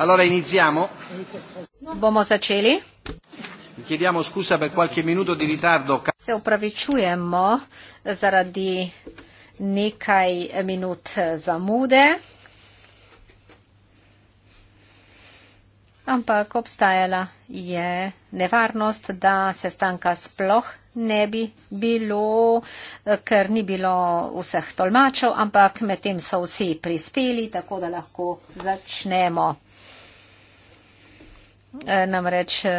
Allora iniziamo. Bomo začeli. Chiediamo scusa per qualche minuto di ritardo. Se opravičujemo zaradi nekaj minut zamude. Ampak obstajala je nevarnost, da sestanka sploh ne bi bilo, ker ni bilo vseh tolmačev, ampak medtem so vsi prispeli, tako da lahko začnemo. E, namreč e,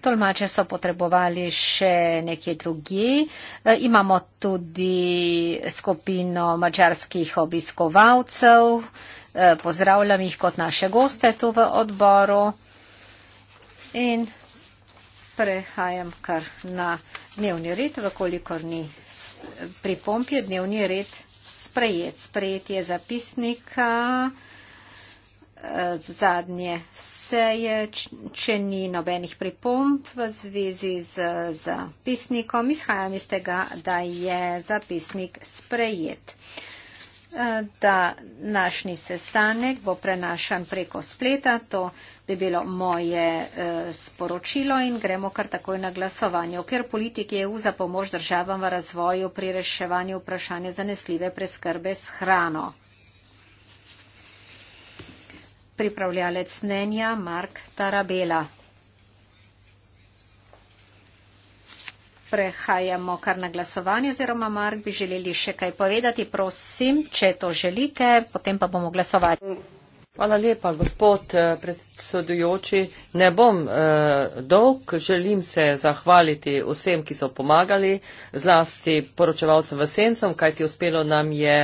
tolmače so potrebovali še nekje drugi. E, imamo tudi skupino mačarskih obiskovalcev, pozdravljam jih kot naše goste tu v odboru in prehajam kar na dnevni red, vkolikor ni pripomp, je dnevni red sprejet. Sprejet je zapisnika zadnje seje, če ni nobenih pripomb v zvezi z zapisnikom, izhajam iz tega, da je zapisnik sprejet da našni sestanek bo prenašan preko spleta. To bi bilo moje e, sporočilo in gremo kar takoj na glasovanje. Ker politiki EU za pomoč državam v razvoju pri reševanju vprašanja zanesljive preskrbe s hrano pripravljalec mnenja Mark Tarabela. Prehajamo kar na glasovanje, oziroma Mark bi želeli še kaj povedati. Prosim, če to želite, potem pa bomo glasovali. Hvala lepa, gospod eh, predsedujoči. Ne bom eh, dolg, želim se zahvaliti vsem, ki so pomagali, zlasti poročevalcem v sencem, kajti uspelo nam je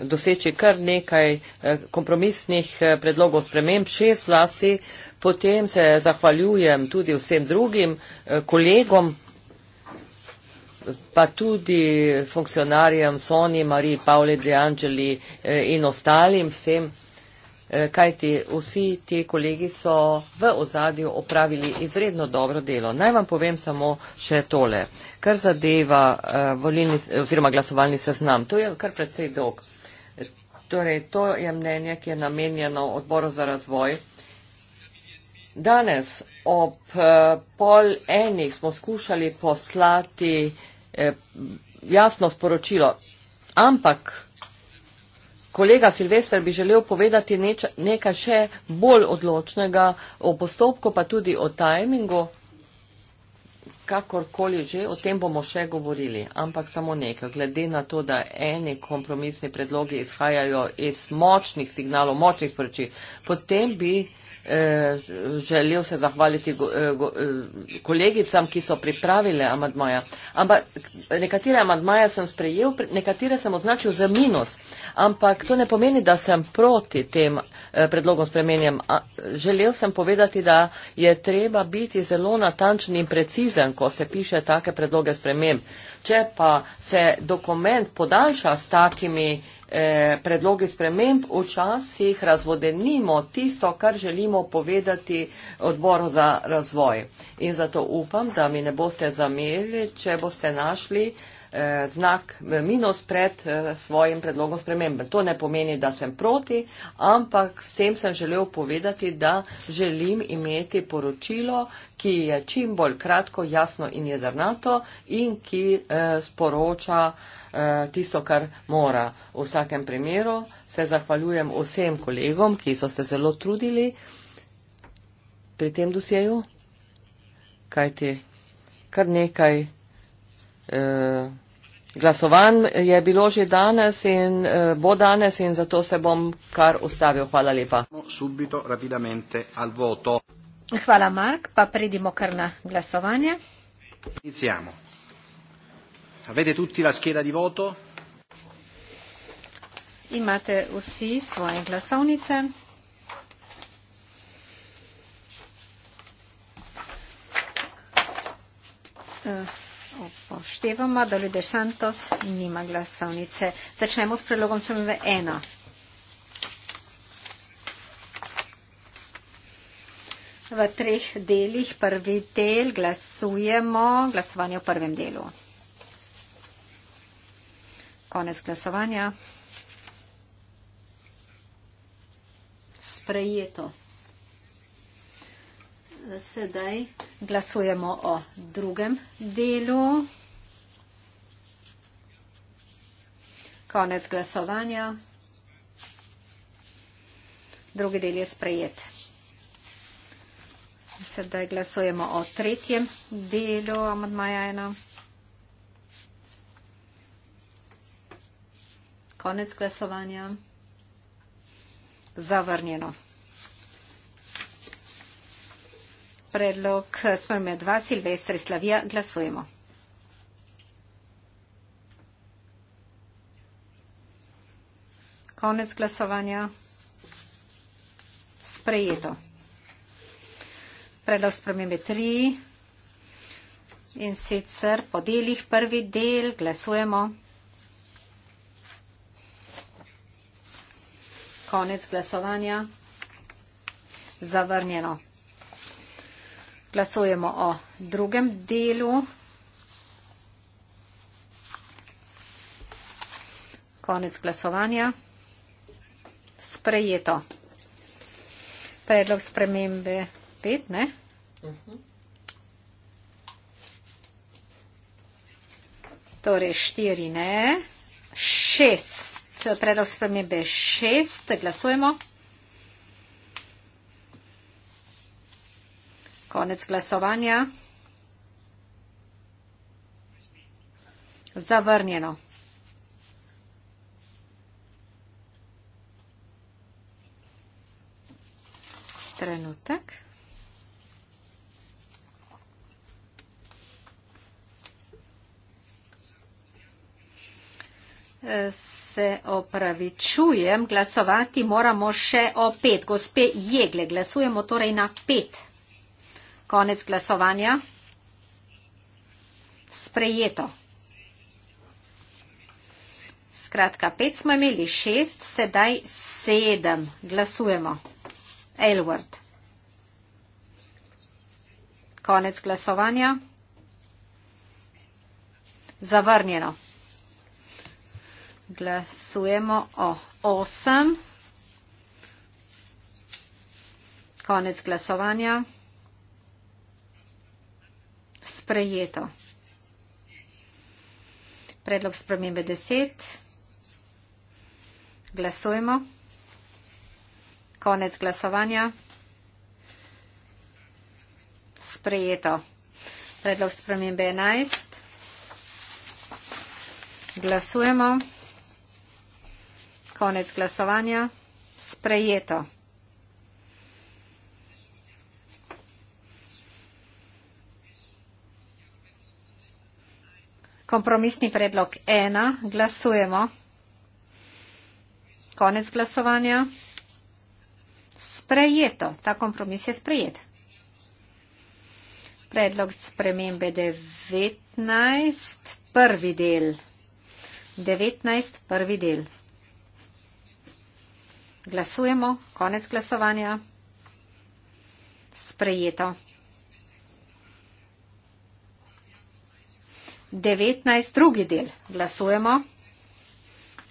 doseči kar nekaj eh, kompromisnih eh, predlogov sprememb, šest zlasti. Potem se zahvaljujem tudi vsem drugim eh, kolegom, pa tudi funkcionarjem Soni, Mariji, Pavli, De Angeli eh, in ostalim vsem Eh, kajti vsi ti kolegi so v ozadju opravili izredno dobro delo. Naj vam povem samo še tole, kar zadeva eh, volilni oziroma glasovalni seznam. To je kar predvsej dolg. Torej, to je mnenje, ki je namenjeno odboru za razvoj. Danes ob eh, pol enih smo skušali poslati jasno sporočilo, ampak Kolega Silvestr bi želel povedati neč, nekaj še bolj odločnega o postopku, pa tudi o tajmingu, kakorkoli že, o tem bomo še govorili, ampak samo nekaj, glede na to, da eni kompromisni predlogi izhajajo iz močnih signalov, močnih sporočil, potem bi. Eh, želel se zahvaliti eh, eh, kolegicam, ki so pripravile amadmaja. Ampak nekatere amadmaje sem sprejel, nekatere sem označil za minus. Ampak to ne pomeni, da sem proti tem predlogom spremenjem. Želel sem povedati, da je treba biti zelo natančen in precizen, ko se piše take predloge spremem. Če pa se dokument podaljša s takimi eh, predlogi sprememb, včasih razvodenimo tisto, kar želimo povedati odboru za razvoj. In zato upam, da mi ne boste zamerili, če boste našli eh, Eh, znak eh, minus pred eh, svojim predlogom spremembe. To ne pomeni, da sem proti, ampak s tem sem želel povedati, da želim imeti poročilo, ki je čim bolj kratko, jasno in jedrnato in ki sporoča tisto, kar mora. V vsakem primeru se zahvaljujem vsem kolegom, ki so se zelo trudili pri tem dosjeju, kajti kar nekaj Eh, glasovanj je bilo že danes in eh, bo danes in zato se bom kar ustavil. Hvala lepa. Hvala, Mark. Pa predimo kar na glasovanje. Iniziamo. Avete tutti la scheda di voto? Imate vsi svoje glasovnice? Uh upoštevamo, da Lide Santos nima glasovnice. Začnemo s predlogom črnove 1. V treh delih prvi del glasujemo glasovanje v prvem delu. Konec glasovanja. Sprejeto sedaj glasujemo o drugem delu. Konec glasovanja. Drugi del je sprejet. Sedaj glasujemo o tretjem delu amadmaja 1. Konec glasovanja. Zavrnjeno. predlog eh, smo imeli dva, Silvestre Slavija, glasujemo. Konec glasovanja. Sprejeto. Predlog spremembe tri. In sicer po delih prvi del glasujemo. Konec glasovanja. Zavrnjeno glasujemo o drugem delu. Konec glasovanja. Sprejeto. Predlog spremembe 5, ne? Mhm. Torej 4, ne? 6. Predlog spremembe 6. Glasujemo. Konec glasovanja. Zavrnjeno. Trenutek. Se opravičujem, glasovati moramo še o pet. Gospe Jegle, glasujemo torej na pet. Konec glasovanja. Sprejeto. Skratka, pet smo imeli, šest, sedaj sedem. Glasujemo. Elward. Konec glasovanja. Zavrnjeno. Glasujemo o osem. Konec glasovanja sprejeto. Predlog spremembe 10. Glasujemo. Konec glasovanja. Sprejeto. Predlog spremembe 11. Glasujemo. Konec glasovanja. Sprejeto. Kompromisni predlog ena. Glasujemo. Konec glasovanja. Sprejeto. Ta kompromis je sprejet. Predlog spremembe 19. Prvi del. 19. Prvi del. Glasujemo. Konec glasovanja. Sprejeto. 19. drugi del. Glasujemo.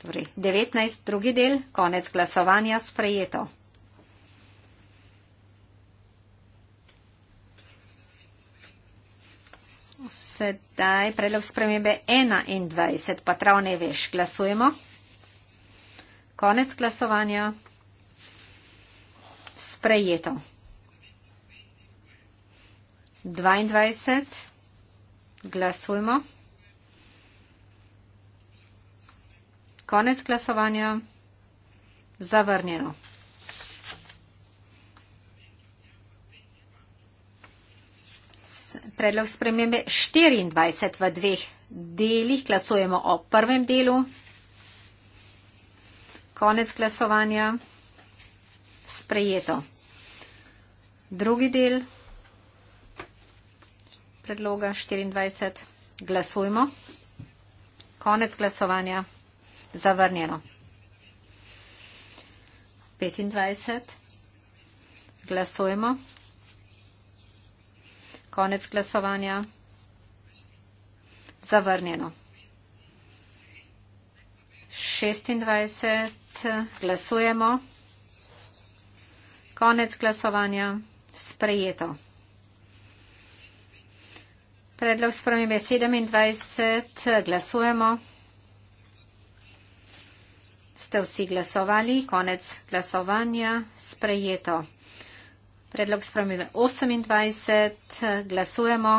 Torej, 19. drugi del. Konec glasovanja sprejeto. Sedaj predlog spremembe 21, pa prav ne veš. Glasujemo. Konec glasovanja. Sprejeto. 22. Glasujmo. Konec glasovanja. Zavrnjeno. Predlog spremembe 24 v dveh delih. Glasujemo o prvem delu. Konec glasovanja. Sprejeto. Drugi del predloga 24. Glasujmo. Konec glasovanja. Zavrnjeno. 25. Glasujemo. Konec glasovanja. Zavrnjeno. 26. Glasujemo. Konec glasovanja. Sprejeto. Predlog spremembe 27. Glasujemo. Ste vsi glasovali? Konec glasovanja. Sprejeto. Predlog spremembe 28. Glasujemo.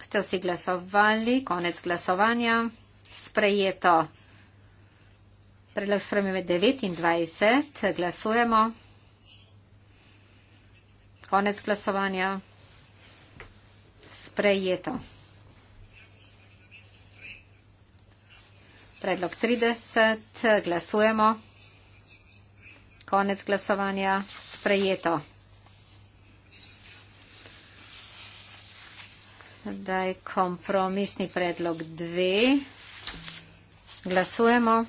Ste vsi glasovali? Konec glasovanja. Sprejeto. Predlog spremembe 29. Glasujemo. Konec glasovanja sprejeto. Predlog 30, glasujemo. Konec glasovanja, sprejeto. Sedaj kompromisni predlog 2, glasujemo.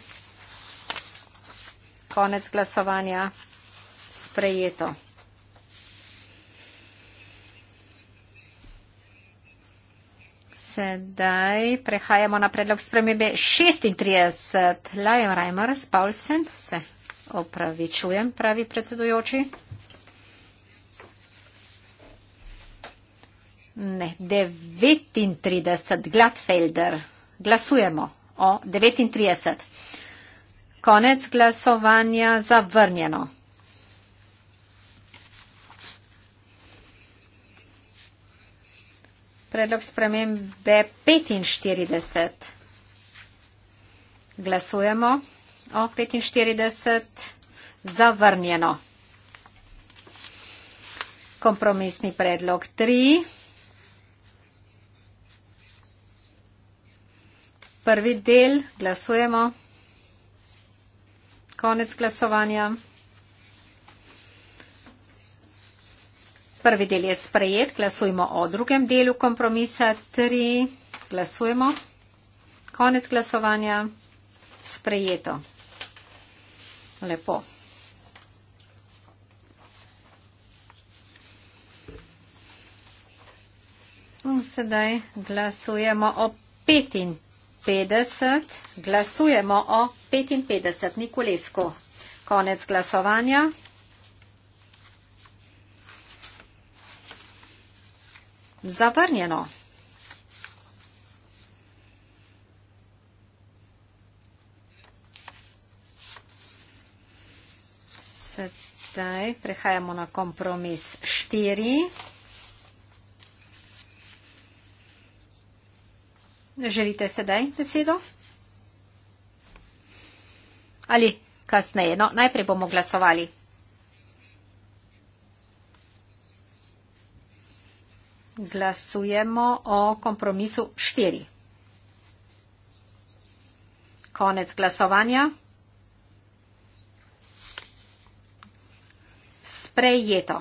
Konec glasovanja, sprejeto. Sedaj prehajamo na predlog spremembe 36. Lajon Reimer, Paulsen, se opravičujem, pravi predsedujoči. Ne, 39. Gladfelder. Glasujemo o 39. Konec glasovanja zavrnjeno. Predlog spremembe 45. Glasujemo o 45. Zavrnjeno. Kompromisni predlog 3. Prvi del glasujemo. Konec glasovanja. Prvi del je sprejet, glasujmo o drugem delu kompromisa. Tri, glasujmo. Konec glasovanja. Sprejeto. Lepo. Sedaj glasujemo o 55. Glasujemo o 55. Nikolesko. Konec glasovanja. Zavrnjeno. Sedaj prehajamo na kompromis 4. Želite sedaj besedo? Ali kasneje? No, najprej bomo glasovali. Glasujemo o kompromisu štiri. Konec glasovanja. Sprejeto.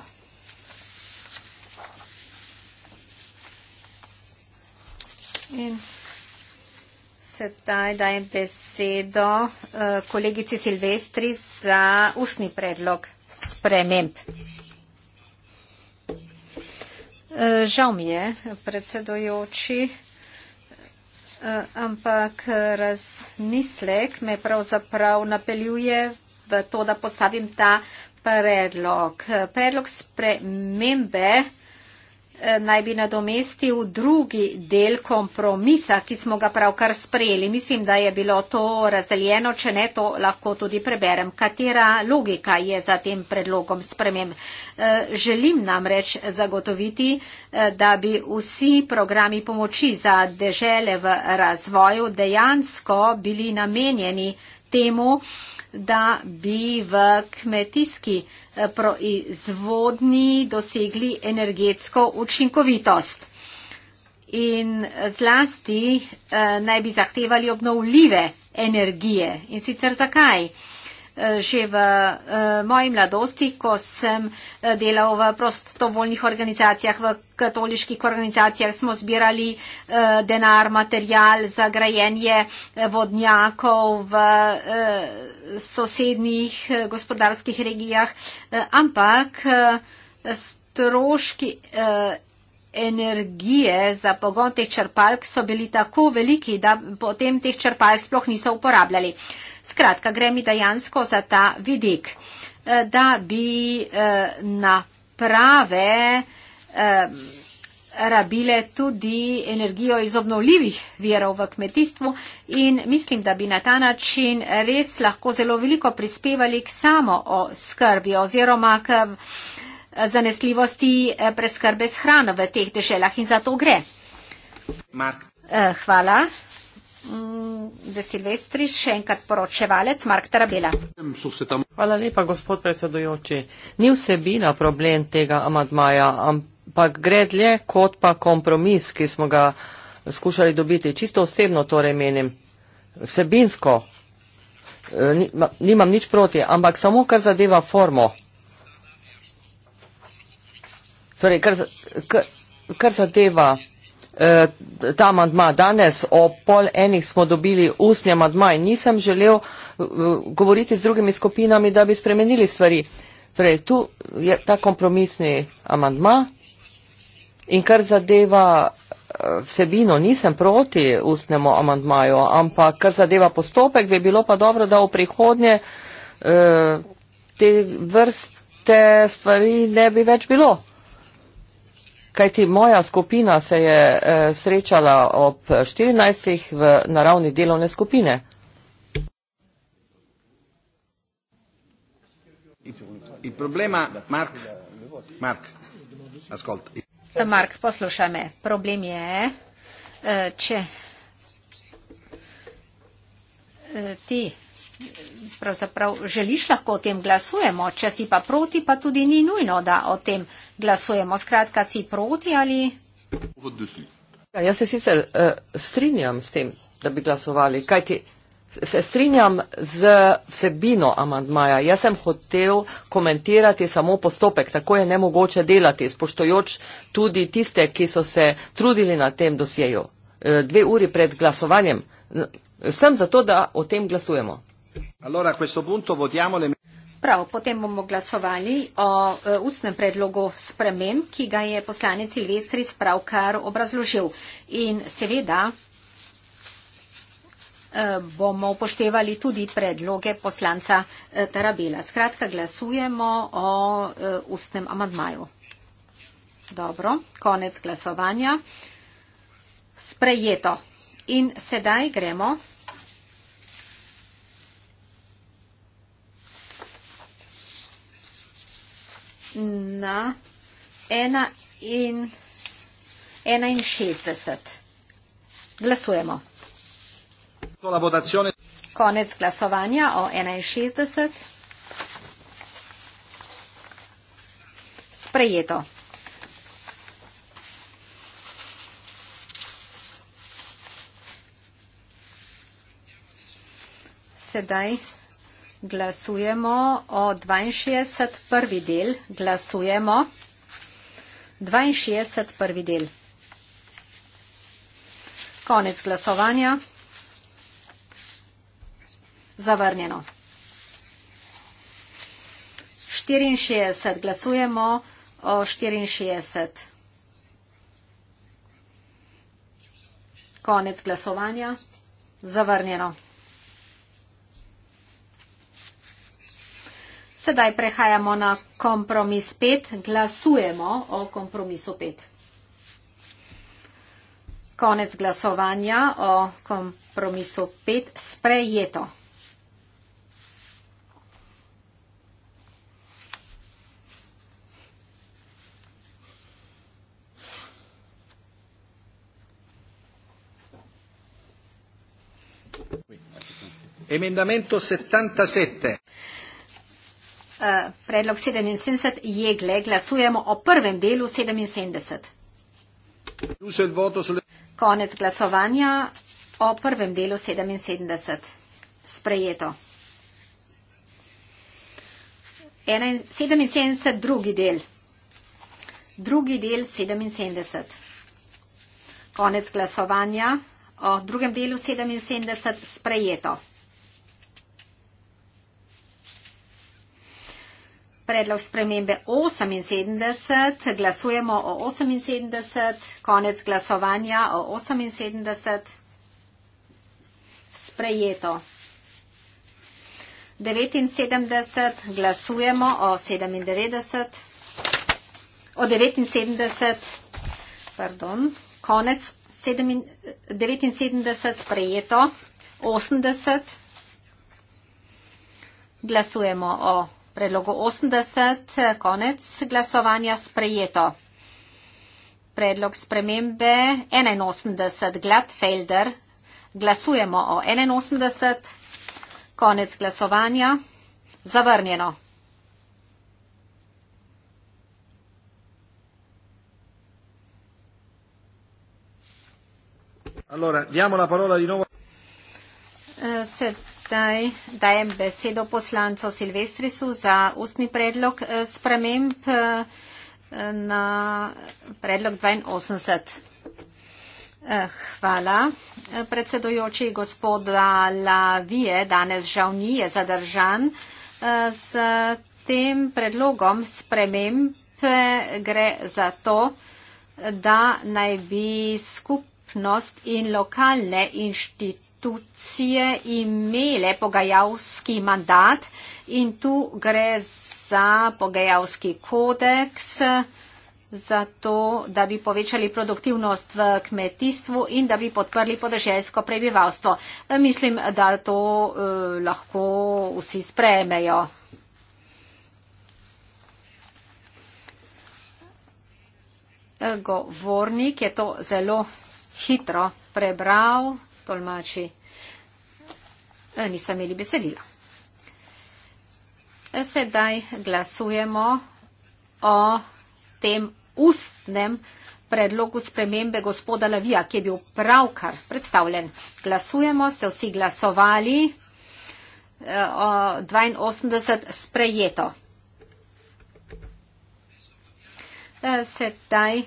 In sedaj dajem besedo eh, kolegici Silvestri za ustni predlog sprememb. Žal mi je, predsedojoči, ampak razmislek me pravzaprav napeljuje v to, da postavim ta predlog. Predlog spremembe Eh, naj bi nadomestil drugi del kompromisa, ki smo ga pravkar sprejeli. Mislim, da je bilo to razdeljeno, če ne, to lahko tudi preberem. Katera logika je za tem predlogom spremem? Eh, želim namreč zagotoviti, eh, da bi vsi programi pomoči za dežele v razvoju dejansko bili namenjeni temu, da bi v kmetijski Eh, proizvodni dosegli energetsko učinkovitost. In zlasti eh, naj bi zahtevali obnovljive energije. In sicer zakaj? že v eh, moji mladosti, ko sem eh, delal v prostovoljnih organizacijah, v katoliških organizacijah, smo zbirali eh, denar, material za grajenje vodnjakov v sosednjih gospodarskih regijah, ampak stroški energije za pogon teh črpalk so bili tako veliki, da potem teh črpalk sploh niso uporabljali. Skratka, gre mi dejansko za ta vidik, eh, da bi eh, naprave eh, rabile tudi energijo iz obnovljivih verov v kmetijstvu in mislim, da bi na ta način res lahko zelo veliko prispevali k samo o skrbi oziroma k zanesljivosti preskrbe s hrano v teh deželah in za to gre. Mark. Hvala. Vesilvestri, mm, še enkrat poročevalec Mark Tarabela. Hvala lepa, gospod predsedujoči. Ni vsebina problem tega amadmaja, ampak gre dlje kot pa kompromis, ki smo ga skušali dobiti. Čisto osebno torej menim, vsebinsko e, nimam nič proti, ampak samo kar zadeva formo. Torej, kar, kar, kar zadeva Eh, ta mandma. Danes o pol enih smo dobili usnja mandma in nisem želel eh, govoriti z drugimi skupinami, da bi spremenili stvari. Torej, tu je ta kompromisni amandma in kar zadeva eh, vsebino, nisem proti ustnemu amandmaju, ampak kar zadeva postopek, bi bilo pa dobro, da v prihodnje te vrste stvari ne bi več bilo kajti moja skupina se je uh, srečala ob 14. v naravni delovne skupine. In problema, Mark, Mark, ascolta. Eh, Mark, poslušaj me. Problem je, uh, če uh, ti pravzaprav želiš, lahko o tem glasujemo. Če si pa proti, pa tudi ni nujno, da o tem glasujemo. Skratka, si proti ali. Ja, jaz se sicer uh, strinjam s tem, da bi glasovali, kajti se strinjam z vsebino amandmaja. Jaz sem hotel komentirati samo postopek, tako je nemogoče delati, spoštojoč tudi tiste, ki so se trudili na tem dosjeju. Uh, dve uri pred glasovanjem. Sem zato, da o tem glasujemo. Allora, punto Prav, potem bomo glasovali o uh, ustnem predlogu sprememb, ki ga je poslanec Silvestri sprav kar obrazložil. In seveda e, bomo upoštevali tudi predloge poslanca e, Tarabela. Skratka, glasujemo o ustnem amadmaju. Dobro, konec glasovanja. Sprejeto. In sedaj gremo na 61. Glasujemo. Konec glasovanja o 61. Sprejeto. Sedaj Glasujemo o 62. prvi del. Glasujemo. 62. prvi del. Konec glasovanja. Zavrnjeno. 64. Glasujemo o 64. Konec glasovanja. Zavrnjeno. Sedaj prehajamo na kompromis 5. Glasujemo o kompromisu 5. Konec glasovanja o kompromisu 5. Sprejeto. Emendamento 77. Eh, predlog 77 je gle. Glasujemo o prvem delu 77. Konec glasovanja o prvem delu 77. Sprejeto. 77 drugi del. Drugi del 77. Konec glasovanja o drugem delu 77. Sprejeto. predlog spremembe 78, glasujemo o 78, konec glasovanja o 78, sprejeto. 79, glasujemo o 97, o 79, pardon, konec 79, sprejeto, 80, glasujemo o 80. Predlogu 80, konec glasovanja sprejeto. Predlog spremembe 81, Gladfelder. Glasujemo o 81, konec glasovanja, zavrnjeno. Allora, diamo la parola di nuovo. Uh, eh, sed, Zdaj dajem besedo poslancu Silvestrisu za ustni predlog eh, sprememb eh, na predlog 82. Eh, hvala. Predsedojoči gospoda Lavije danes žal ni je zadržan. S tem predlogom sprememb gre za to, da naj bi skupnost in lokalne inštitucije institucije imele pogajalski mandat in tu gre za pogajalski kodeks, zato da bi povečali produktivnost v kmetijstvu in da bi podprli podeželjsko prebivalstvo. Mislim, da to uh, lahko vsi sprejmejo. Govornik je to zelo hitro prebral tolmači e, niso imeli besedila. E, sedaj glasujemo o tem ustnem predlogu spremembe gospoda Lavija, ki je bil pravkar predstavljen. Glasujemo, ste vsi glasovali, 82 e, sprejeto. Sedaj.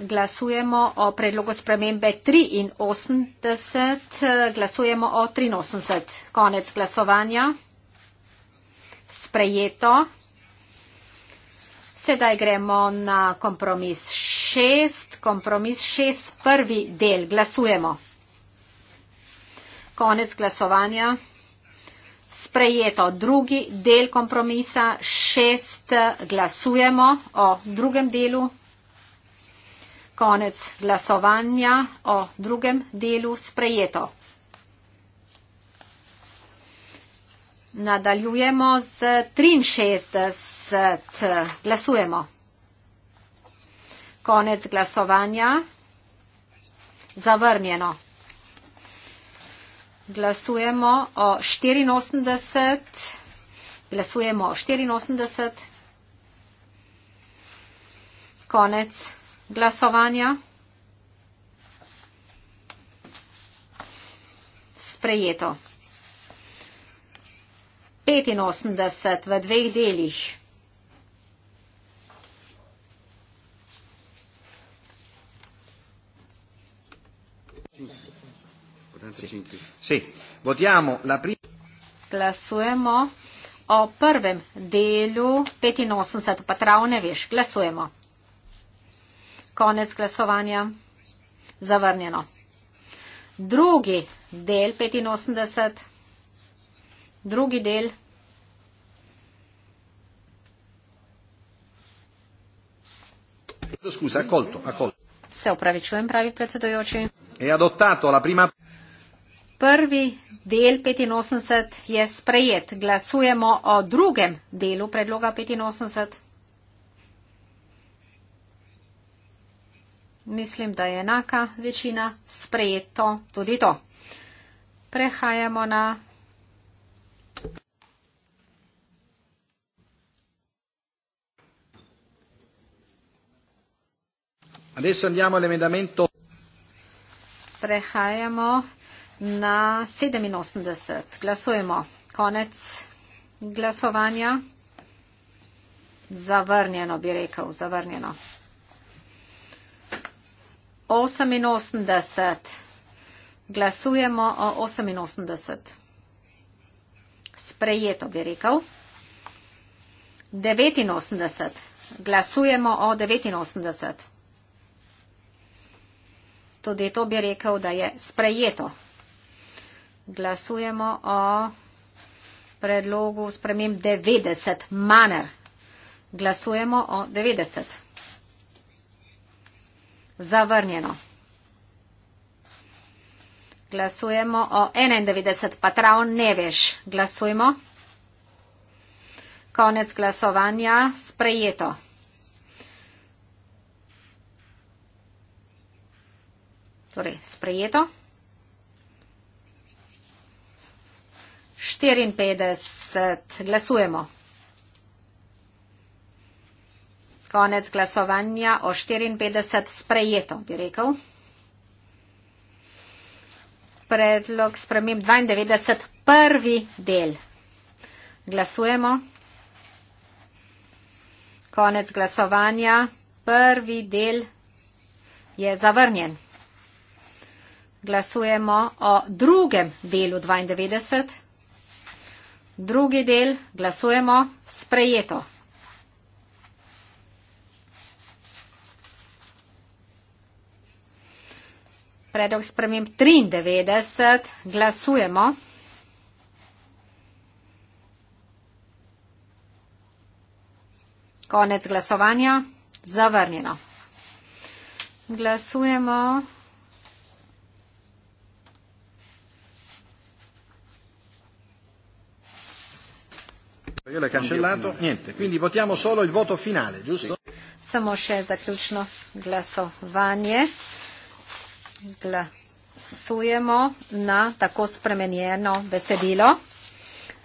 Glasujemo o predlogu spremembe 83, glasujemo o 83. Konec glasovanja. Sprejeto. Sedaj gremo na kompromis 6. Kompromis 6, prvi del. Glasujemo. Konec glasovanja. Sprejeto. Drugi del kompromisa 6. Glasujemo o drugem delu konec glasovanja o drugem delu sprejeto. Nadaljujemo z 63. Glasujemo. Konec glasovanja. Zavrnjeno. Glasujemo o 84. Glasujemo o 84. Konec glasovanja glasovanja? Sprejeto. 85 v dveh delih. Sì. Sì. La pri... Glasujemo o prvem delu 85, pa prav ne veš, glasujemo. Konec glasovanja. Zavrnjeno. Drugi del 85. Drugi del. Scusa, accolto, accolto. Se opravičujem, pravi predsedujoči. È adottato la prima. Prvi del 85 je sprejet. Glasujemo o drugem delu predloga 85. mislim, da je enaka večina sprejeto tudi to. Prehajamo na. Prehajamo na 87. Glasujemo. Konec glasovanja. Zavrnjeno bi rekel, zavrnjeno. 88. Glasujemo o 88. Sprejeto bi rekel. 89. Glasujemo o 89. Tudi to bi rekel, da je sprejeto. Glasujemo o predlogu spremem 90 maner. Glasujemo o 90. Zavrnjeno. Glasujemo o 91, pa trav ne veš. Glasujmo. Konec glasovanja, sprejeto. Torej, sprejeto. 54, glasujemo. Konec glasovanja o 54 sprejeto, bi rekel. Predlog spremem 92, prvi del. Glasujemo. Konec glasovanja, prvi del je zavrnjen. Glasujemo o drugem delu 92. Drugi del, glasujemo, sprejeto. Predlog spremem 93. Glasujemo. Konec glasovanja. Zavrnjeno. Glasujemo. Samo še zaključno glasovanje glasujemo na tako spremenjeno besedilo.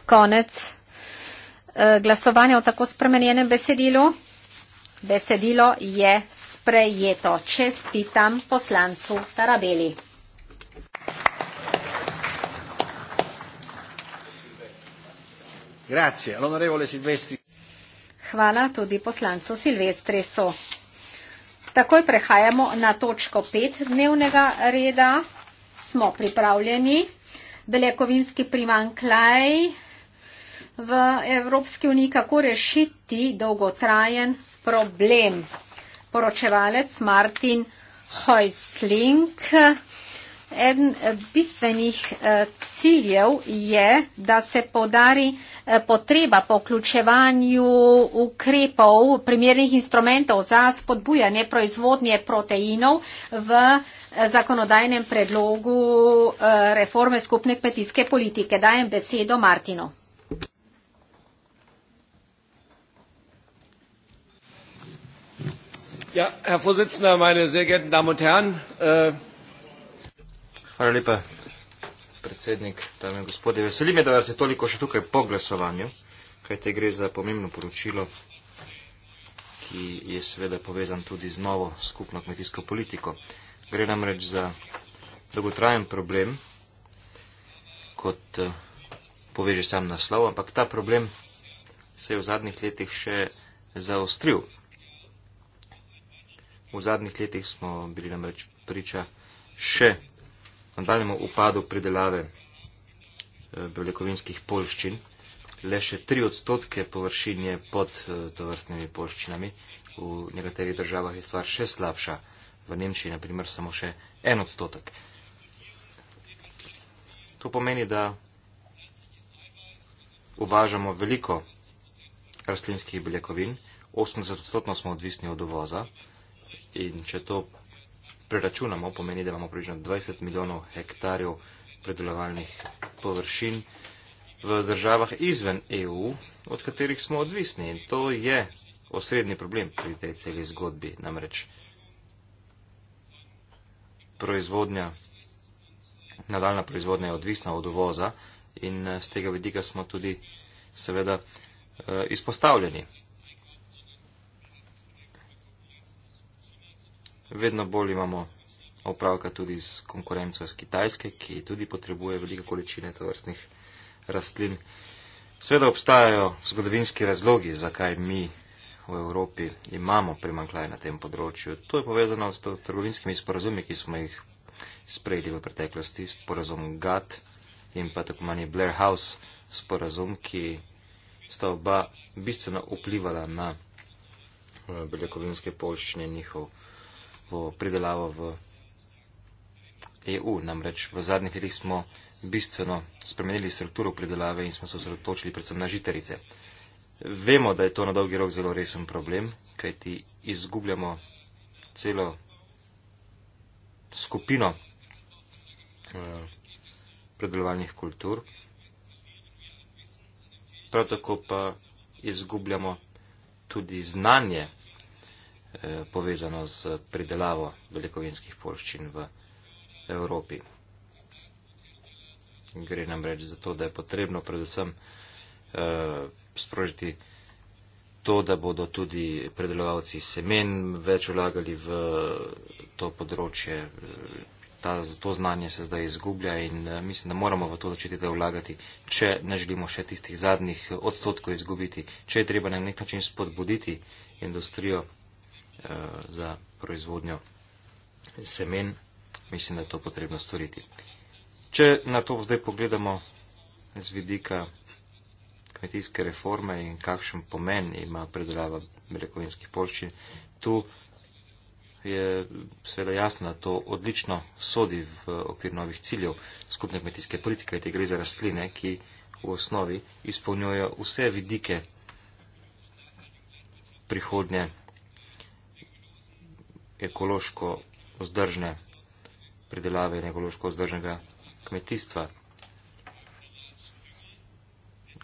Konec eh, glasovanja o tako spremenjenem besedilu. Besedilo je sprejeto. Čestitam poslancu Tarabeli. Grazie, Hvala tudi poslancu Silvestri. Takoj prehajamo na točko 5 dnevnega reda. Smo pripravljeni. Beljakovinski primanklaj v Evropski uniji, kako rešiti dolgotrajen problem. Poročevalec Martin Hojsling. Eden eh, bistvenih eh, ciljev je, da se podari eh, potreba po vključevanju ukrepov, primernih instrumentov za spodbujanje proizvodnje proteinov v zakonodajnem predlogu reforme skupne kmetijske politike. Dajem besedo Martino. Ja, herr Vorsitzender, meine sehr geehrten Damen und Herren, äh, Hvala lepa, predsednik, dame in gospode. Veseli me, da vas je toliko še tukaj po glasovanju, kaj te gre za pomembno poročilo, ki je seveda povezan tudi z novo skupno kmetijsko politiko. Gre namreč za dolgotrajen problem, kot eh, poveže sam naslov, ampak ta problem se je v zadnjih letih še zaostril. V zadnjih letih smo bili namreč priča še nadaljemu upadu pridelave eh, beljakovinskih polščin. Le še tri odstotke površin je pod eh, tovrstnimi polščinami. V nekaterih državah je stvar še slabša. V Nemčiji, na primer, samo še en odstotek. To pomeni, da uvažamo veliko rastlinskih beljakovin. 80 odstotno smo odvisni od uvoza. In če to preračunamo, pomeni, da imamo približno 20 milijonov hektarjev predelovalnih površin v državah izven EU, od katerih smo odvisni. In to je osrednji problem pri tej celi zgodbi. Namreč proizvodnja, nadaljna proizvodnja je odvisna od uvoza in z eh, tega vidika smo tudi seveda eh, izpostavljeni. vedno bolj imamo opravka tudi z konkurenco iz Kitajske, ki tudi potrebuje velike količine tovrstnih rastlin. Sveda obstajajo zgodovinski razlogi, zakaj mi v Evropi imamo primankljaj na tem področju. To je povezano s trgovinskimi sporazumi, ki smo jih sprejeli v preteklosti, sporazum GATT in pa tako manj Blair House sporazum, ki sta oba bistveno vplivala na eh, beljakovinske polščine njihov bo predelava v EU. Namreč v zadnjih letih smo bistveno spremenili strukturo predelave in smo se osredotočili predvsem na žitarice. Vemo, da je to na dolgi rok zelo resen problem, kajti izgubljamo celo skupino eh, predelovalnih kultur. Prav tako pa izgubljamo tudi znanje Eh, povezano z pridelavo beljakovinskih polščin v Evropi. Gre namreč za to, da je potrebno predvsem eh, sprožiti to, da bodo tudi predelovalci semen več vlagali v to področje. Ta, to znanje se zdaj izgublja in eh, mislim, da moramo v to začeti da vlagati, če ne želimo še tistih zadnjih odstotkov izgubiti, če je treba na nek način spodbuditi industrijo Eh, za proizvodnjo semen, mislim, da je to potrebno storiti. Če na to zdaj pogledamo z vidika kmetijske reforme in kakšen pomen ima predelava beljakovinskih polščin, tu je seveda jasno, da to odlično sodi v okvir novih ciljev skupne kmetijske politike, kajti gre za rastline, ki v osnovi izpolnjujejo vse vidike prihodnje ekološko vzdržne pridelave in ekološko vzdržnega kmetijstva.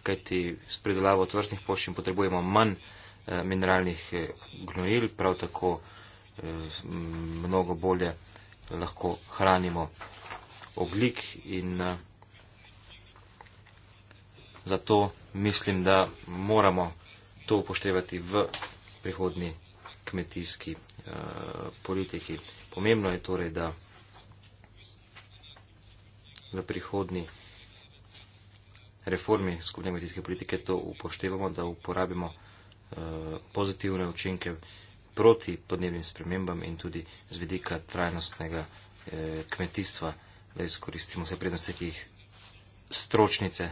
Kaj ti s pridelavo tvrstnih poščin potrebujemo manj eh, mineralnih eh, gnojil, prav tako eh, mnogo bolje lahko hranimo oglik in zato mislim, da moramo to upoštevati v prihodni kmetijski Eh, politiki. Pomembno je torej, da v prihodni reformi skupne medijske politike to upoštevamo, da uporabimo eh, pozitivne učinke proti podnebnim spremembam in tudi z vidika trajnostnega eh, kmetijstva, da izkoristimo vse prednosti, ki jih stročnice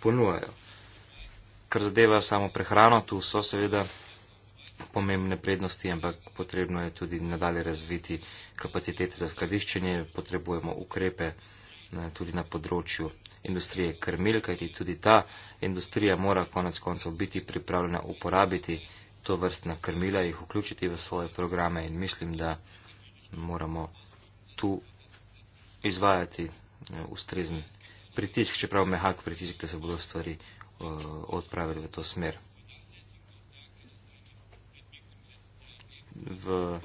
ponujajo. Kar zadeva samo prehrano, tu so seveda pomembne prednosti, ampak potrebno je tudi nadalje razviti kapacitete za skladiščenje, potrebujemo ukrepe tudi na področju industrije krmil, kajti tudi ta industrija mora konec koncev biti pripravljena uporabiti to vrstna krmila, jih vključiti v svoje programe in mislim, da moramo tu izvajati ustrezen pritisk, čeprav mehak pritisk, da se bodo stvari eh, odpravili v to smer. v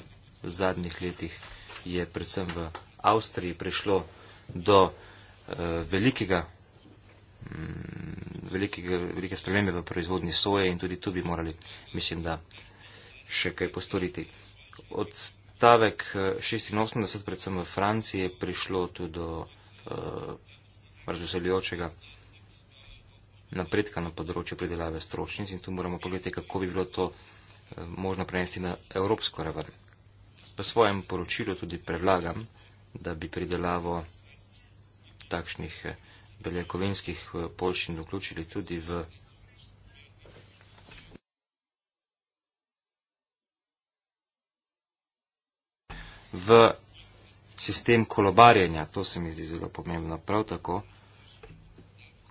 zadnjih letih je predvsem v Avstriji prišlo do uh, velikega, um, velikega, velike spremembe v proizvodni soje in tudi tu bi morali, mislim, da še kaj postoriti. Odstavek 86, eh, predvsem v Franciji, je prišlo tudi do uh, razveseljujočega napredka na področju pridelave stročnic in tu moramo pogledati, kako bi bilo to možno prenesti na evropsko raven. V svojem poročilu tudi predlagam, da bi pridelavo takšnih eh, beljakovinskih eh, polščin vključili tudi v v sistem kolobarjenja, to se mi zdi zelo pomembno. Prav tako,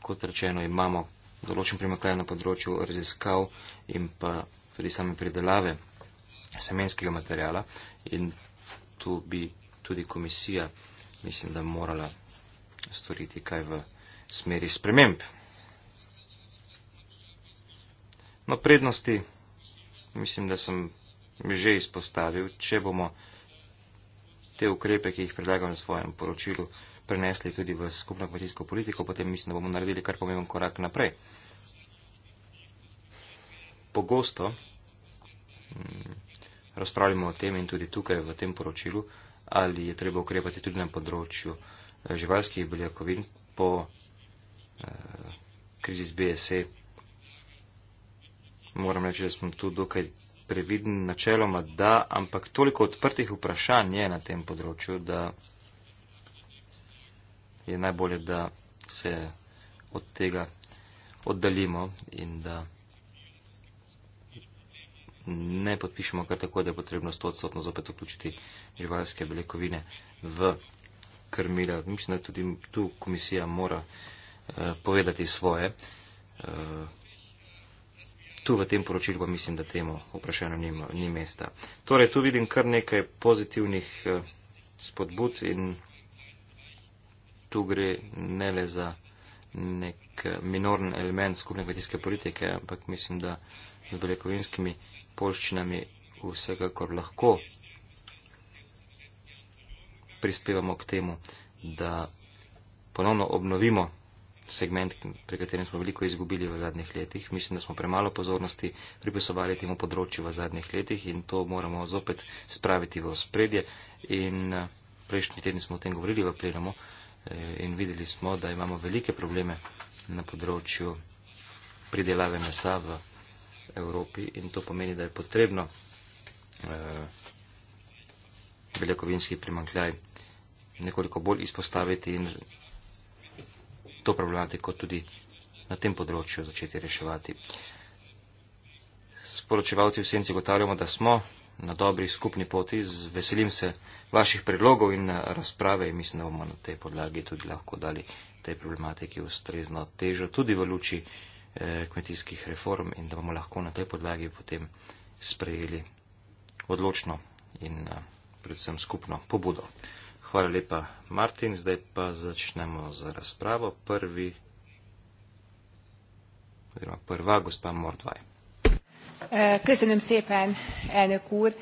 kot rečeno, imamo določen primakljaj na področju raziskav in pa tudi same predelave semenskega materijala in tu bi tudi komisija, mislim, da morala storiti kaj v smeri sprememb. No, prednosti, mislim, da sem že izpostavil, če bomo te ukrepe, ki jih predlagam v svojem poročilu, prenesli tudi v skupno kmetijsko politiko, potem mislim, da bomo naredili kar pomemben korak naprej. Pogosto Mm, razpravljamo o tem in tudi tukaj v tem poročilu, ali je treba ukrepati tudi na področju eh, živalskih beljakovin po eh, krizi z BSE. Moram reči, da smo tu dokaj previdni načeloma, da, ampak toliko odprtih vprašanj je na tem področju, da je najbolje, da se od tega oddaljimo in da. Eh, ne podpišemo kar tako, da je potrebno stotsotno zopet vključiti živalske beljakovine v krmila. Mislim, da tudi tu komisija mora eh, povedati svoje. Eh, tu v tem poročilu pa mislim, da temu vprašanju ni, ni mesta. Torej, tu vidim kar nekaj pozitivnih eh, spodbud in tu gre ne le za nek eh, minoren element skupne kmetijske politike, ampak mislim, da z beljakovinskimi polščinami vsekakor lahko prispevamo k temu, da ponovno obnovimo segment, pri katerem smo veliko izgubili v zadnjih letih. Mislim, da smo premalo pozornosti pripisovali temu področju v zadnjih letih in to moramo zopet spraviti v spredje. In eh, prejšnji teden smo o tem govorili v plenumu eh, in videli smo, da imamo velike probleme na področju pridelave mesa v Evropi in to pomeni, da je potrebno eh, beljakovinski primankljaj nekoliko bolj izpostaviti in to problematiko tudi na tem področju začeti reševati. Sporočevalci v senci gotavljamo, da smo na dobri skupni poti, veselim se vaših predlogov in eh, razprave in mislim, da bomo na tej podlagi tudi lahko dali tej problematiki ustrezno težo tudi v luči eh, Eh, kmetijskih reform in da bomo lahko na tej podlagi potem sprejeli odločno in eh, predvsem skupno pobudo. Hvala lepa, Martin. Zdaj pa začnemo z razpravo. Prvi, oziroma prva, gospa Mordvaj. Eh, köszönöm szépen, elnök úr.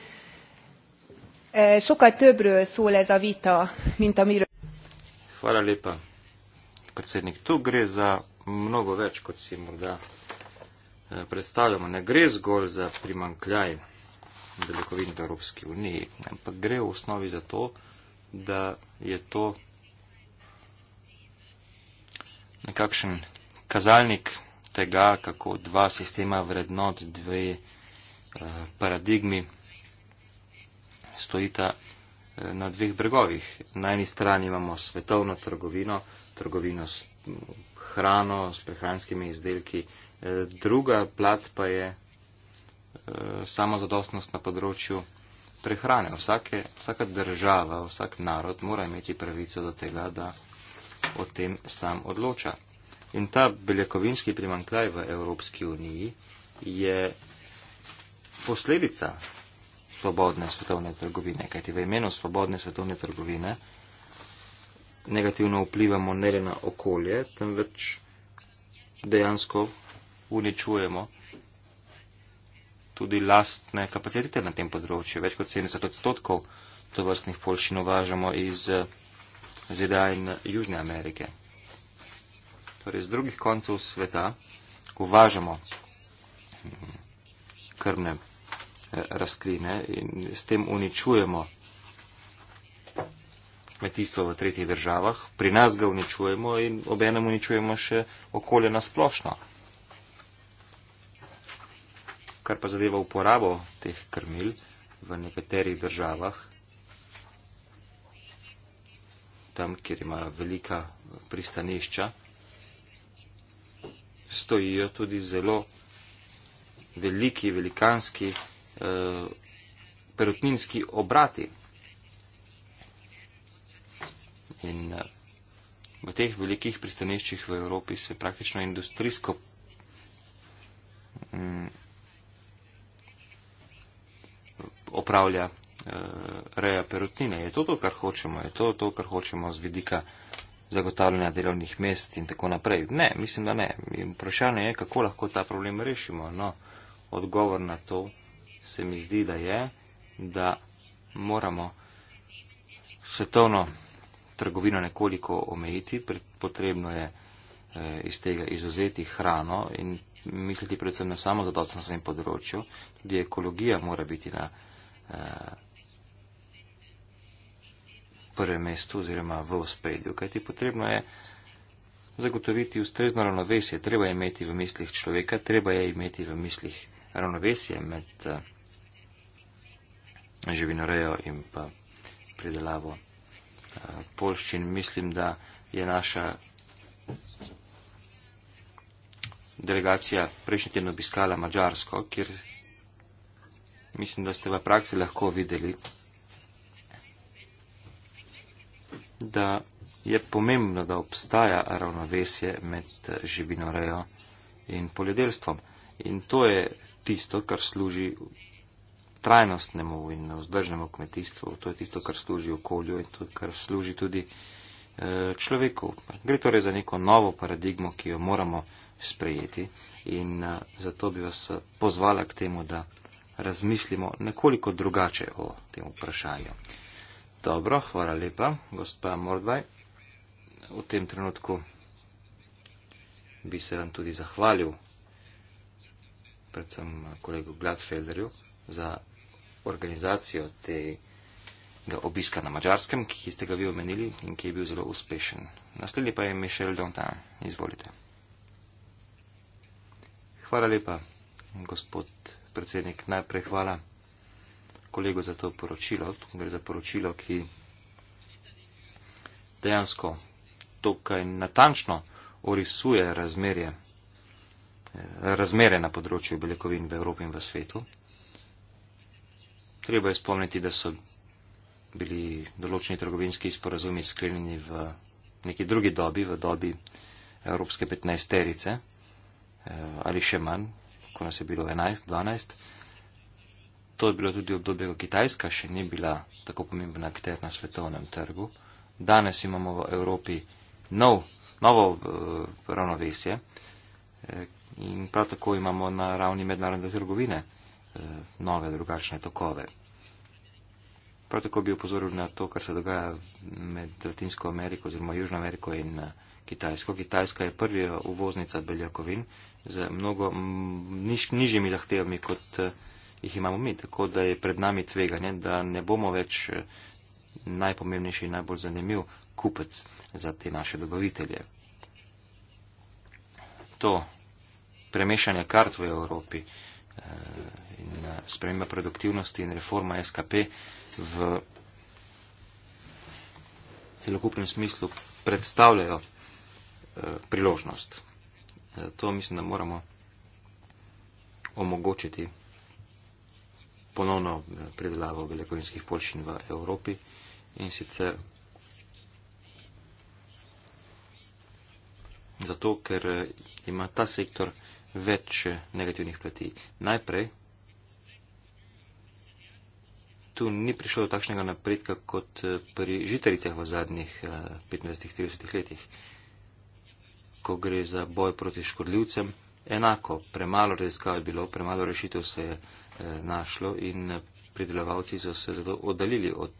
Sokkal többről szól ez a vita, mint amiről. Hvala lepa, predsednik. Tu gre za mnogo več, kot si morda eh, predstavljamo. Ne gre zgolj za primankljaj beljakovin v Evropski uniji, ampak gre v osnovi za to, da je to nekakšen kazalnik tega, kako dva sistema vrednot, dve eh, paradigmi stojita eh, na dveh bregovih. Na eni strani imamo svetovno trgovino, trgovino s hrano, s prehranskimi izdelki. E, druga plat pa je e, samozadostnost na področju prehrane. Vsake, vsaka država, vsak narod mora imeti pravico do tega, da o tem sam odloča. In ta beljakovinski primankljaj v Evropski uniji je posledica svobodne svetovne trgovine, kajti v imenu svobodne svetovne trgovine negativno vplivamo ne le na okolje, temveč dejansko uničujemo tudi lastne kapacitete na tem področju. Več kot 70 odstotkov to vrstnih polšin uvažamo iz ZDA in Južne Amerike. Torej, z drugih koncev sveta uvažamo hm, krvne eh, rastline in s tem uničujemo kmetijstvo v tretjih državah, pri nas ga uničujemo in obenem uničujemo še okolje nasplošno. Kar pa zadeva uporabo teh krmil v nekaterih državah, tam, kjer ima velika pristanišča, stojijo tudi zelo veliki, velikanski eh, perutninski obrati in uh, v teh velikih pristaniščih v Evropi se praktično industrijsko um, opravlja uh, reja perutnine. Je to to, kar hočemo? Je to to, kar hočemo z vidika zagotavljanja delovnih mest in tako naprej? Ne, mislim, da ne. Vprašanje je, kako lahko ta problem rešimo. No, odgovor na to se mi zdi, da je, da moramo svetovno trgovino nekoliko omejiti, potrebno je eh, iz tega izuzeti hrano in misliti predvsem na samo zadostno svojem področju, tudi ekologija mora biti na eh, prvem mestu oziroma v ospredju, kajti potrebno je zagotoviti ustrezno ravnovesje, treba je imeti v mislih človeka, treba je imeti v mislih ravnovesje med eh, živinorejo in pa pridelavo polščin. Mislim, da je naša delegacija prejšnji teden obiskala Mačarsko, kjer mislim, da ste v praksi lahko videli, da je pomembno, da obstaja ravnovesje med živinorejo in poljedelstvom. In to je tisto, kar služi trajnostnemu in vzdržnemu kmetijstvu. To je tisto, kar služi okolju in to, kar služi tudi eh, človeku. Gre torej za neko novo paradigmo, ki jo moramo sprejeti in eh, zato bi vas eh, pozvala k temu, da razmislimo nekoliko drugače o tem vprašanju. Dobro, hvala lepa, gospa Mordvaj. V tem trenutku bi se vam tudi zahvalil, predvsem kolegu Gladfelderju, za organizacijo tega obiska na mačarskem, ki ste ga vi omenili in ki je bil zelo uspešen. Naslednji pa je Mišel Dontan. Izvolite. Hvala lepa, gospod predsednik. Najprej hvala kolego za to poročilo. Gre za poročilo, ki dejansko tokaj natančno orisuje razmerje, eh, razmere na področju beljakovin v Evropi in v svetu. Treba je spomniti, da so bili določeni trgovinski sporazumi sklenjeni v neki drugi dobi, v dobi Evropske 15-terice eh, ali še manj, ko nas je bilo 11-12. To je bilo tudi obdobje, ko Kitajska še ni bila tako pomembna akter na svetovnem trgu. Danes imamo v Evropi nov, novo eh, ravnovesje eh, in prav tako imamo na ravni mednarodne trgovine nove drugačne tokove. Prav tako bi upozoril na to, kar se dogaja med Latinsko Ameriko oziroma Južno Ameriko in eh, Kitajsko. Kitajska je prvi eh, uvoznica beljakovin z mnogo niž, nižjimi zahtevami, kot eh, jih imamo mi. Tako da je pred nami tveganje, da ne bomo več najpomembnejši in najbolj zanimiv kupec za te naše dobavitelje. To premešanje kart v Evropi in sprememba produktivnosti in reforma SKP v celokupnem smislu predstavljajo eh, priložnost. Eh, to mislim, da moramo omogočiti ponovno eh, predelavo beljakovinskih polšin v Evropi in sicer zato, ker ima ta sektor več negativnih plati. Najprej svetu ni prišlo do takšnega napredka kot eh, pri žitaricah v zadnjih 15-30 eh, letih. Ko gre za boj proti škodljivcem, enako, premalo raziskav je bilo, premalo rešitev se je eh, našlo in pridelovalci so se zato oddaljili od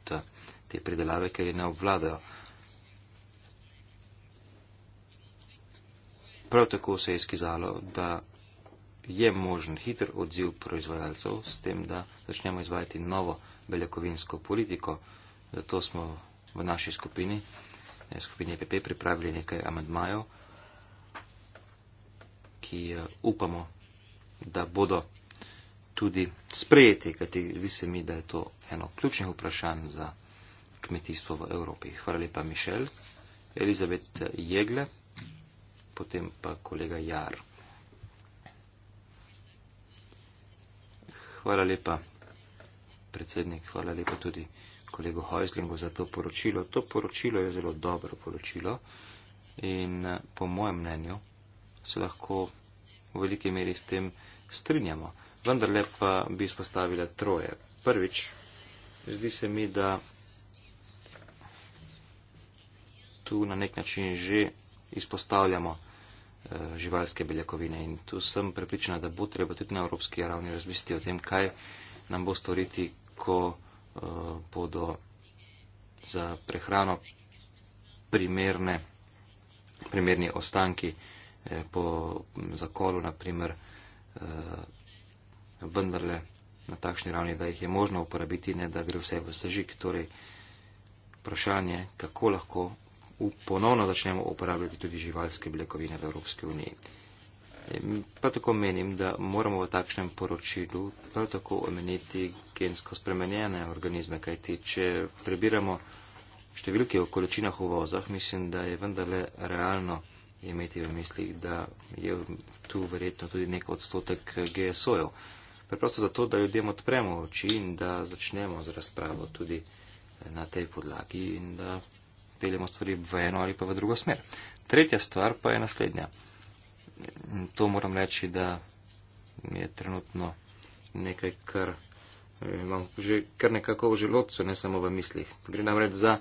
te pridelave, ker je ne obvladajo. Prav tako se je izkizalo, da je možen hiter odziv proizvajalcev s tem, da začnemo izvajati novo beljakovinsko politiko. Zato smo v naši skupini, eh, skupini EPP, pripravili nekaj amadmajev, ki eh, upamo, da bodo tudi sprejeti, kajti zdi se mi, da je to eno ključnih vprašanj za kmetijstvo v Evropi. Hvala lepa, Mišel. Elizabet eh, Jegle, potem pa kolega Jar. Hvala lepa, predsednik, hvala lepa tudi kolegu Hojslingu za to poročilo. To poročilo je zelo dobro poročilo in eh, po mojem mnenju se lahko v veliki meri s tem strinjamo. Vendar lepa bi izpostavila troje. Prvič, zdi se mi, da tu na nek način že izpostavljamo eh, živalske beljakovine in tu sem prepričana, da bo treba tudi na evropski ravni razmisliti o tem, kaj nam bo storiti, ko eh, bodo za prehrano primerne, primerni ostanki eh, po zakolu, naprimer, eh, vendarle na takšni ravni, da jih je možno uporabiti, ne da gre vse v sežik. Torej, vprašanje, kako lahko ponovno začnemo uporabljati tudi živalske bljekovine v Evropski uniji. Prav tako menim, da moramo v takšnem poročilu prav tako omeniti gensko spremenjene organizme, kajti če prebiramo številke o količinah v vozah, mislim, da je vendarle realno imeti v mislih, da je tu verjetno tudi nek odstotek GSO-jev. Preprosto zato, da ljudem odpremo oči in da začnemo z razpravo tudi na tej podlagi in da peljemo stvari v eno ali pa v drugo smer. Tretja stvar pa je naslednja to moram reči, da je trenutno nekaj, kar eh, imam že kar nekako v želodcu, ne samo v mislih. Gre namreč za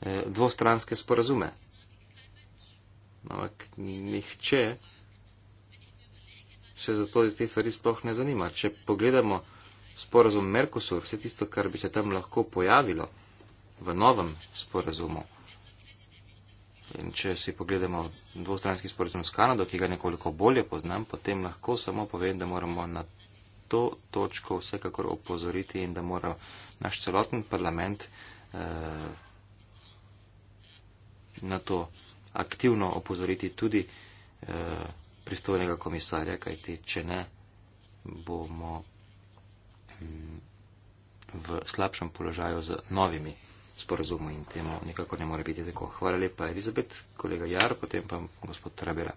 eh, dvostranske sporazume. Ampak nihče se za to iz te stvari sploh ne zanima. Če pogledamo sporazum Merkosur, vse tisto, kar bi se tam lahko pojavilo v novem sporazumu, In če si pogledamo dvostranski sporozum s Kanado, ki ga nekoliko bolje poznam, potem lahko samo povem, da moramo na to točko vsekakor opozoriti in da mora naš celoten parlament eh, na to aktivno opozoriti tudi eh, pristojnega komisarja, kajti če ne, bomo hm, v slabšem položaju z novimi sporazumu in temu nikako ne more biti tako. Hvala lepa, Elizabet, kolega Jar, potem pa gospod Trabela.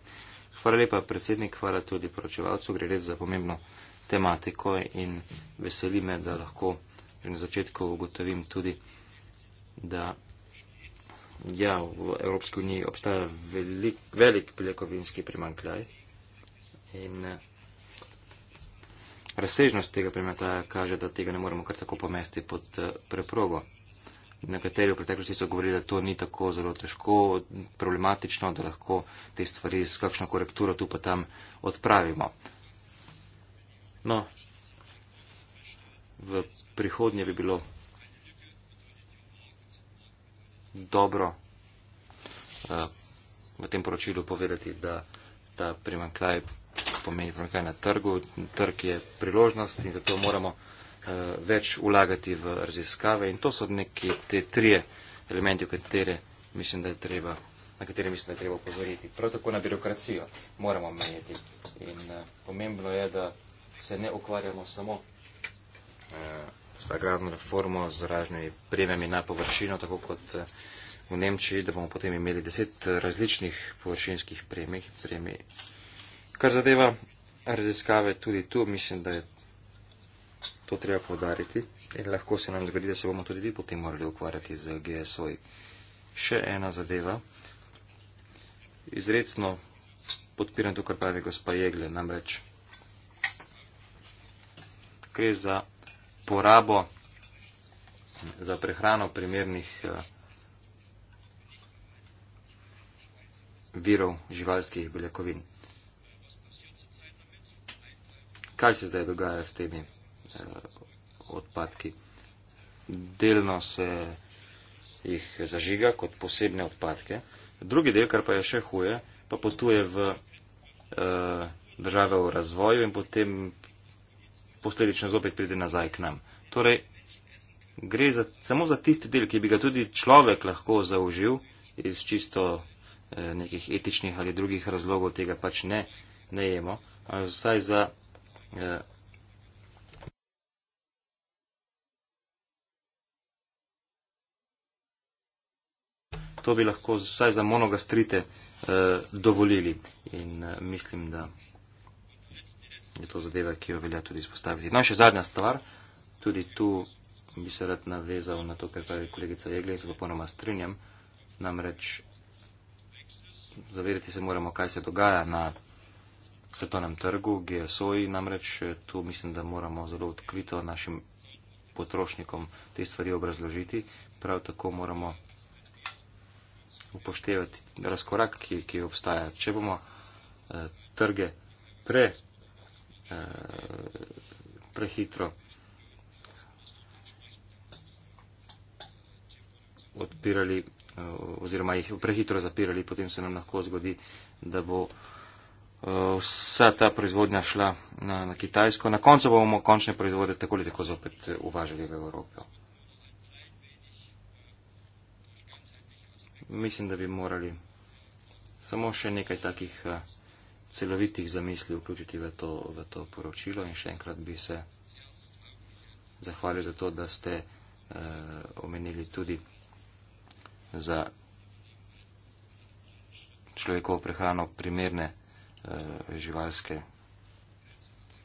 Hvala lepa, predsednik, hvala tudi poročevalcu, gre res za pomembno tematiko in veseli me, da lahko že na začetku ugotovim tudi, da ja, v Evropski uniji obstaja velik, velik beljakovinski primankljaj in razsežnost tega primankljaja kaže, da tega ne moremo kar tako pomesti pod eh, preprogo. Nekateri v preteklosti so govorili, da to ni tako zelo težko, problematično, da lahko te stvari s kakšno korekturo tu pa tam odpravimo. No, v prihodnje bi bilo dobro uh, v tem poročilu povedati, da ta primankljaj pomeni primankljaj na trgu. Trg je priložnost in zato moramo. Eh, več vlagati v raziskave in to so neke te trije elementi, katere mislim, da je treba, na katere mislim, da je treba upozoriti. Prav tako na birokracijo moramo menjati in uh, pomembno je, da se ne ukvarjamo samo uh, eh, s agrarno reformo z ražnimi premijami na površino, tako kot uh, v Nemčiji, da bomo potem imeli deset različnih površinskih premij. premij. Kar zadeva raziskave tudi tu, mislim, da je to treba povdariti in lahko se nam zgodi, da se bomo tudi vi potem morali ukvarjati z GSO-ji. Še ena zadeva. Izredno podpiram to, kar pravi gospa Jegle, namreč gre za porabo za prehrano primernih eh, virov živalskih beljakovin. Kaj se zdaj dogaja s temi odpadki. Delno se jih zažiga kot posebne odpadke. Drugi del, kar pa je še huje, pa potuje v uh, države v razvoju in potem posledično zopet pride nazaj k nam. Torej, gre za, samo za tisti del, ki bi ga tudi človek lahko zaužil iz čisto eh, nekih etičnih ali drugih razlogov, tega pač ne, ne jemo, ampak vsaj za eh, to bi lahko vsaj za monogastrite eh, dovolili. In eh, mislim, da je to zadeva, ki jo velja tudi izpostaviti. No, še zadnja stvar, tudi tu bi se rad navezal na to, kar pravi kolegica Jegle, se popolnoma strinjam. Namreč zavedati se moramo, kaj se dogaja na svetovnem trgu, GSO-ji, namreč eh, tu mislim, da moramo zelo odkrito našim potrošnikom te stvari obrazložiti. Prav tako moramo upoštevati razkorak, ki, ki obstaja. Če bomo eh, trge pre, eh, prehitro odpirali eh, oziroma jih prehitro zapirali, potem se nam lahko zgodi, da bo eh, vsa ta proizvodnja šla na, na Kitajsko. Na koncu bomo končne proizvode tako ali tako zopet eh, uvažali v Evropo. mislim, da bi morali samo še nekaj takih eh, celovitih zamisli vključiti v to, v to poročilo in še enkrat bi se zahvalil za to, da ste uh, omenili tudi za človekovo prehrano primerne uh, živalske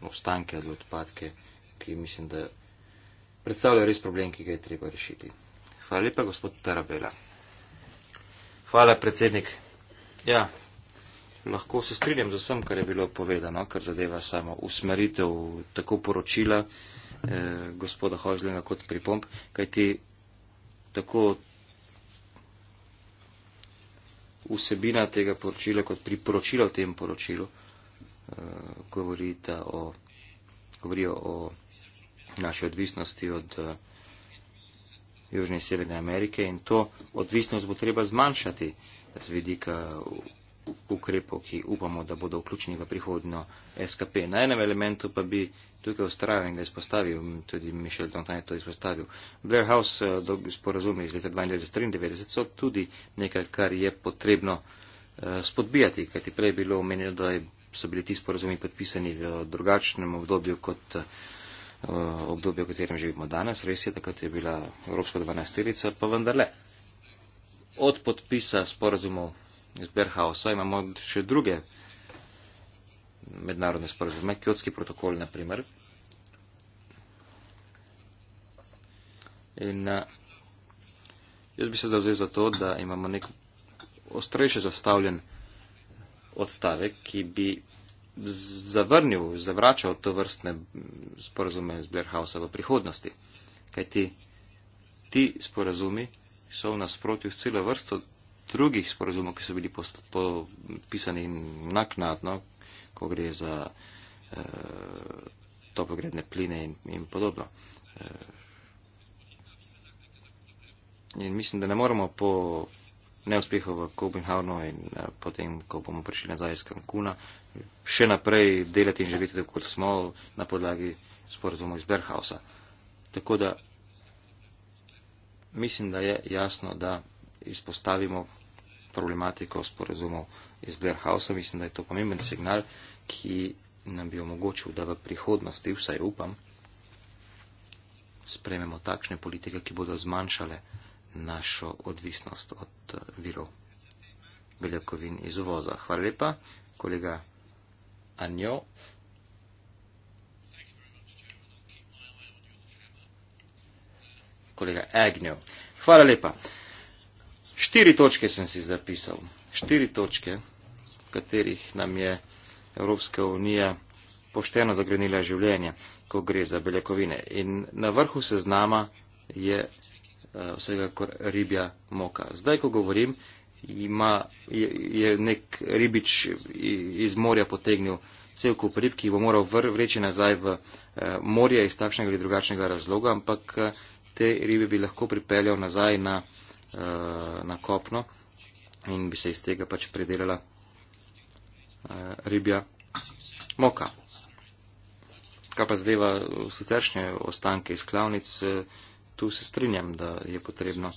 ostanke ali odpadke, ki mislim, da predstavljajo res problem, ki ga je treba rešiti. Hvala lepa, gospod Tarabela. Hvala, predsednik. Ja, lahko se strinjam z vsem, kar je bilo povedano, kar zadeva samo usmeritev tako poročila eh, gospoda Hožljena kot pripomp, kajti tako vsebina tega poročila kot priporočila v tem poročilu eh, govorijo o naši odvisnosti od. Eh, Južne in Severne Amerike in to odvisnost bo treba zmanjšati z vidika ukrepov, ki upamo, da bodo vključeni v prihodno SKP. Na enem elementu pa bi tukaj ustrajal in ga izpostavil, tudi Mišel Dontan je to izpostavil. Blair House eh, sporazumi iz leta 1993 so tudi nekaj, kar je potrebno eh, spodbijati, kajti prej je bilo omenjeno, da so bili ti sporazumi podpisani v drugačnem obdobju kot eh, Eh, obdobje, v katerem živimo danes. Res je, takrat je bila Evropska 12-terica, pa vendarle. Od podpisa sporazumov iz Berhausa imamo še druge mednarodne sporazume, Kjotski protokol, naprimer. In eh, jaz bi se zavzel za to, da imamo nek ostrejše zastavljen odstavek, ki bi zavrnil, zavračal to vrstne sporazume z Blairhausa v prihodnosti. Kaj ti, ti sporazumi so v nasprotju s celo vrsto drugih sporazumov, ki so bili pisani naknadno, ko gre za eh, topogredne pline in, in podobno. Eh, in mislim, da ne moramo po neuspehu v Kopenhavnu in eh, potem, ko bomo prišli nazaj iz Kankuna, še naprej delati in živeti tako, kot smo na podlagi sporozumov iz Berhausa. Tako da mislim, da je jasno, da izpostavimo problematiko sporozumov iz Berhausa. Mislim, da je to pomemben signal, ki nam bi omogočil, da v prihodnosti, vsaj upam, sprememo takšne politike, ki bodo zmanjšale našo odvisnost od eh, virov beljakovin iz uvoza. Hvala lepa, kolega. Anjo. Kolega Agnew. Hvala lepa. Štiri točke sem si zapisal. Štiri točke, v katerih nam je Evropska unija pošteno zagrenila življenje, ko gre za beljakovine. In na vrhu seznama je eh, vsega kot ribja moka. Zdaj, ko govorim, ima, je, je nek ribič iz morja potegnil cel kup rib, ki bo moral vreči nazaj v eh, morje iz takšnega ali drugačnega razloga, ampak eh, te ribe bi lahko pripeljal nazaj na, eh, na kopno in bi se iz tega pač predelala ribja moka. Kaj pa zdaj v siceršnje ostanke iz klavnic, tu se strinjam, da je potrebno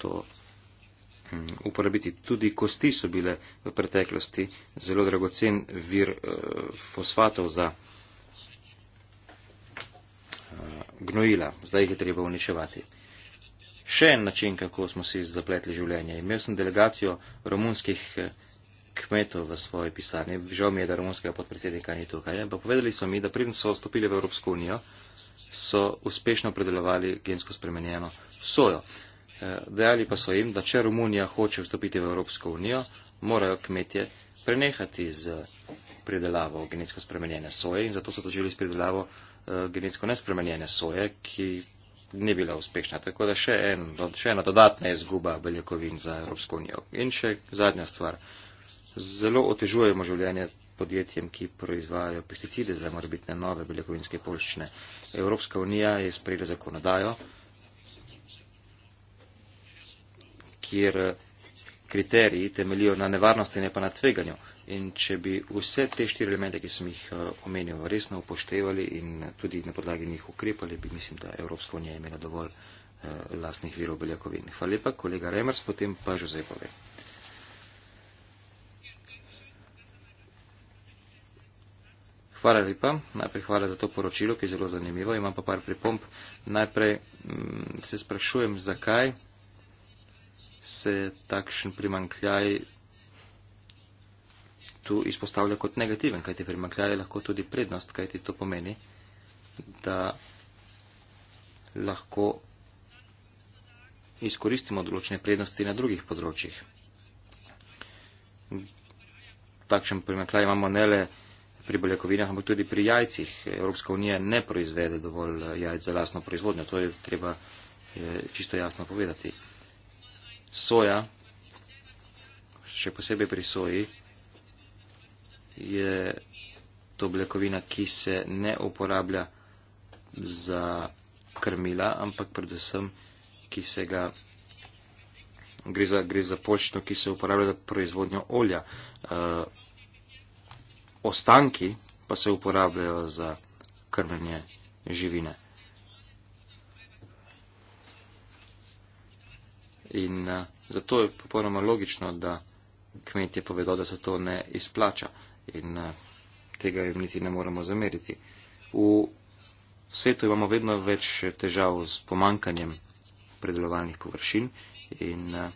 to Mm, uporabiti. Tudi kosti so bile v preteklosti zelo dragocen vir uh, fosfatov za uh, gnojila. Zdaj jih je treba uničevati. Še en način, kako smo si zapletli življenje. Imel sem delegacijo romunskih eh, kmetov v svoji pisarni. Žal mi je, da romunskega podpredsednika ni tukaj. Ampak povedali so mi, da preden so stopili v Evropsko unijo, so uspešno predelovali gensko spremenjeno sojo dejali pa so jim, da če Romunija hoče vstopiti v Evropsko unijo, morajo kmetje prenehati z pridelavo genetsko spremenjene soje in zato so začeli s pridelavo eh, genetsko nespremenjene soje, ki ni bila uspešna. Tako da še, en, še ena dodatna izguba beljakovin za Evropsko unijo. In še zadnja stvar. Zelo otežujemo življenje podjetjem, ki proizvajajo pesticide za morbitne nove beljakovinske polščine. Evropska unija je sprejela zakonodajo, kjer eh, kriteriji temelijo na nevarnosti, ne pa na tveganju. In če bi vse te štiri elemente, ki sem jih eh, omenil, resno upoštevali in tudi na podlagi njih ukrepali, bi mislim, da Evropska unija imela dovolj eh, lastnih virov beljakovin. Hvala lepa, kolega Remers, potem pa Žozej pove. Hvala lepa. Najprej hvala za to poročilo, ki je zelo zanimivo. Imam pa par pripomp. Najprej m, mm, se sprašujem, zakaj se takšen primankljaj tu izpostavlja kot negativen, kajti primankljaj je lahko tudi prednost, kajti to pomeni, da lahko izkoristimo določene prednosti na drugih področjih. Takšen primankljaj imamo ne le pri beljakovinah, ampak tudi pri jajcih. Evropska unija ne proizvede dovolj jajc za lasno proizvodnjo, to je treba eh, čisto jasno povedati soja, še posebej pri soji, je to beljakovina, ki se ne uporablja za krmila, ampak predvsem, ki se ga gre za, gre za počno, ki se uporablja za proizvodnjo olja. E, ostanki pa se uporabljajo za krmljenje živine. In uh, zato je popolnoma logično, da kmetje povedo, da se to ne izplača in uh, tega jim niti ne moramo zameriti. V svetu imamo vedno več težav s pomankanjem predelovalnih površin in uh,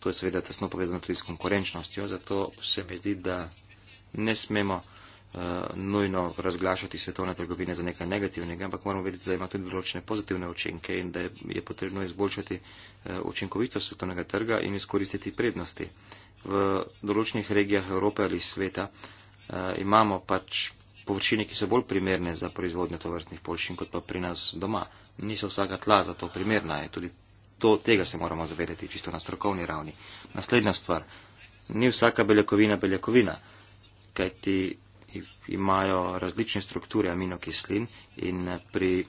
to je seveda tesno povezano tudi s konkurenčnostjo, zato se mi zdi, da ne smemo. Eh, nujno razglašati svetovne trgovine za nekaj negativnega, ampak moramo vedeti, da ima tudi določene pozitivne učinke in da je potrebno izboljšati eh, učinkovitost svetovnega trga in izkoristiti prednosti. V določenih regijah Evrope ali sveta eh, imamo pač površine, ki so bolj primerne za proizvodnjo tovrstnih površin kot pa pri nas doma. Niso vsaka tla za to primerna in tudi to, tega se moramo zavedati čisto na strokovni ravni. Naslednja stvar. Ni vsaka beljakovina beljakovina, kajti imajo različne strukture aminokislin in eh, pri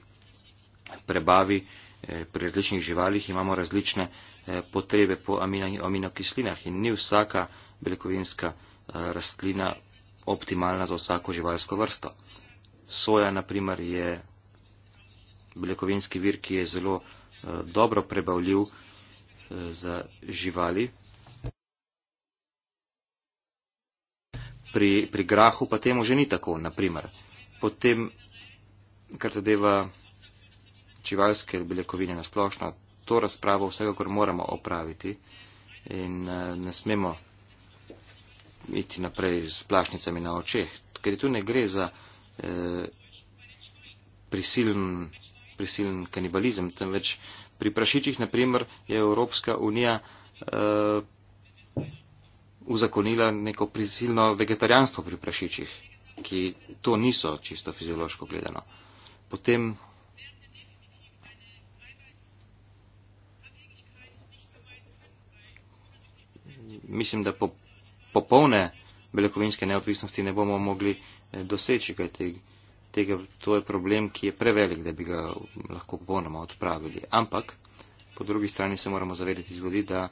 prebavi eh, pri različnih živalih imamo različne eh, potrebe po aminokislinah in ni vsaka beljakovinska rastlina optimalna za vsako živalsko vrsto. Soja, na primer, je beljakovinski vir, ki je zelo dobro prebavljiv za živali, pri, pri grahu pa temu že ni tako, naprimer. Potem, kar zadeva čivalske beljakovine na splošno, to razpravo vsekakor moramo opraviti in uh, ne smemo iti naprej s plašnicami na očeh, ker tu ne gre za uh, prisiln, prisiln kanibalizem, temveč pri prašičih, naprimer, je Evropska unija. Uh, uzakonila neko prisilno vegetarijanstvo pri prašičih, ki to niso čisto fiziološko gledano. Potem mislim, da po, popolne beljakovinske neodvisnosti ne bomo mogli eh, doseči, kaj te, tega, to je problem, ki je prevelik, da bi ga lahko popolnoma odpravili. Ampak po drugi strani se moramo zavedati tudi, da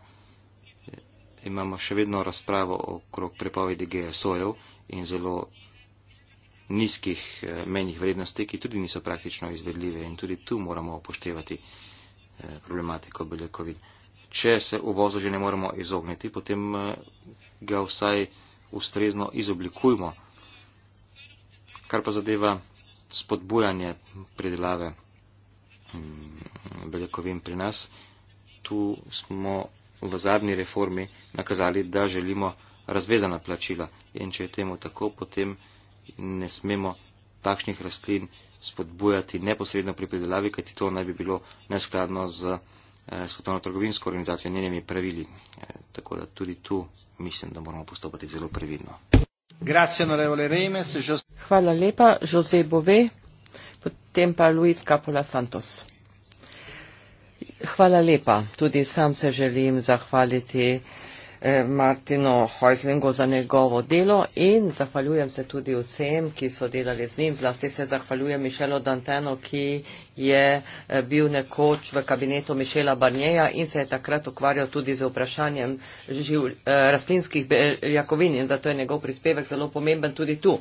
imamo še vedno razpravo okrog prepovedi GSO-jev in zelo nizkih eh, menjih vrednosti, ki tudi niso praktično izvedljive in tudi tu moramo upoštevati eh, problematiko beljakovin. Če se uvozu že ne moremo izogniti, potem eh, ga vsaj ustrezno izoblikujmo. Kar pa zadeva spodbujanje predelave mm, beljakovin pri nas, tu smo v zadnji reformi nakazali, da želimo razvezana plačila. In če je temu tako, potem ne smemo takšnih rastlin spodbujati neposredno pri pridelavi, kajti to naj bi bilo neskladno z eh, svetovno trgovinsko organizacijo njenimi pravili. Eh, tako da tudi tu mislim, da moramo postopati zelo previdno. Hvala lepa, Jose Bove, potem pa Luis Capola Santos. Hvala lepa, tudi sam se želim zahvaliti. Eh, Martinu Hojzlingu za njegovo delo in zahvaljujem se tudi vsem, ki so delali z njim. Zlasti se zahvaljujem Mišelo Danteno, ki je eh, bil nekoč v kabinetu Mišela Barnjeja in se je takrat ukvarjal tudi z vprašanjem živ, eh, rastlinskih beljakovin in zato je njegov prispevek zelo pomemben tudi tu.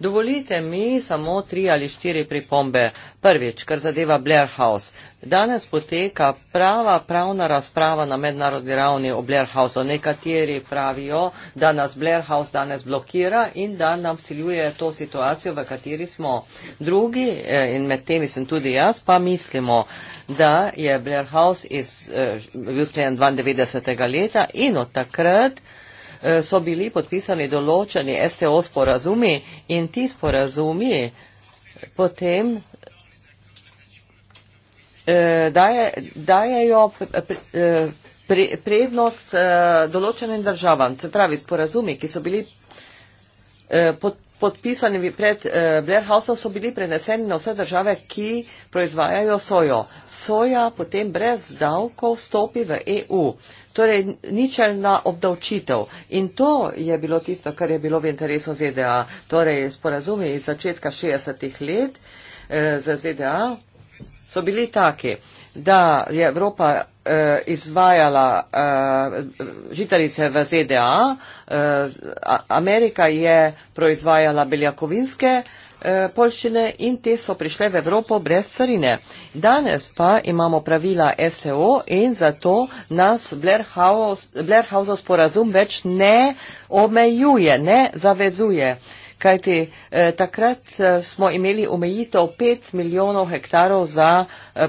Dovolite mi samo tri ali štiri pripombe. Prvič, kar zadeva Blair House. Danes poteka prava pravna razprava na mednarodni ravni o Blair Houseu. Nekateri pravijo, da nas Blair House danes blokira in da nam siljuje to situacijo, v kateri smo. Drugi, eh, in med temi sem tudi jaz, pa mislimo, da je Blair House iz, eh, bil sklenjen 92. leta in od takrat Eh, so bili podpisani določeni STO sporazumi in ti sporazumi potem eh, dajejo eh, prednost določenim državam. Se pravi, sporazumi, ki so bili podpisani podpisani pred eh, Blairhausom so bili preneseni na vse države, ki proizvajajo sojo. Soja potem brez davkov stopi v EU. Torej, ničelna obdavčitev. In to je bilo tisto, kar je bilo v interesu ZDA. Torej, sporazumi iz začetka 60-ih let eh, za ZDA so bili taki, da je Evropa uh, izvajala uh, žitarice v ZDA. Uh, eh, Amerika je proizvajala beljakovinske polščine in te so prišle v Evropo brez carine. Danes pa imamo pravila SEO in zato nas Blairhausov sporazum več ne omejuje, ne zavezuje. Kajti eh, takrat eh, smo imeli omejitev 5 milijonov hektarov za eh,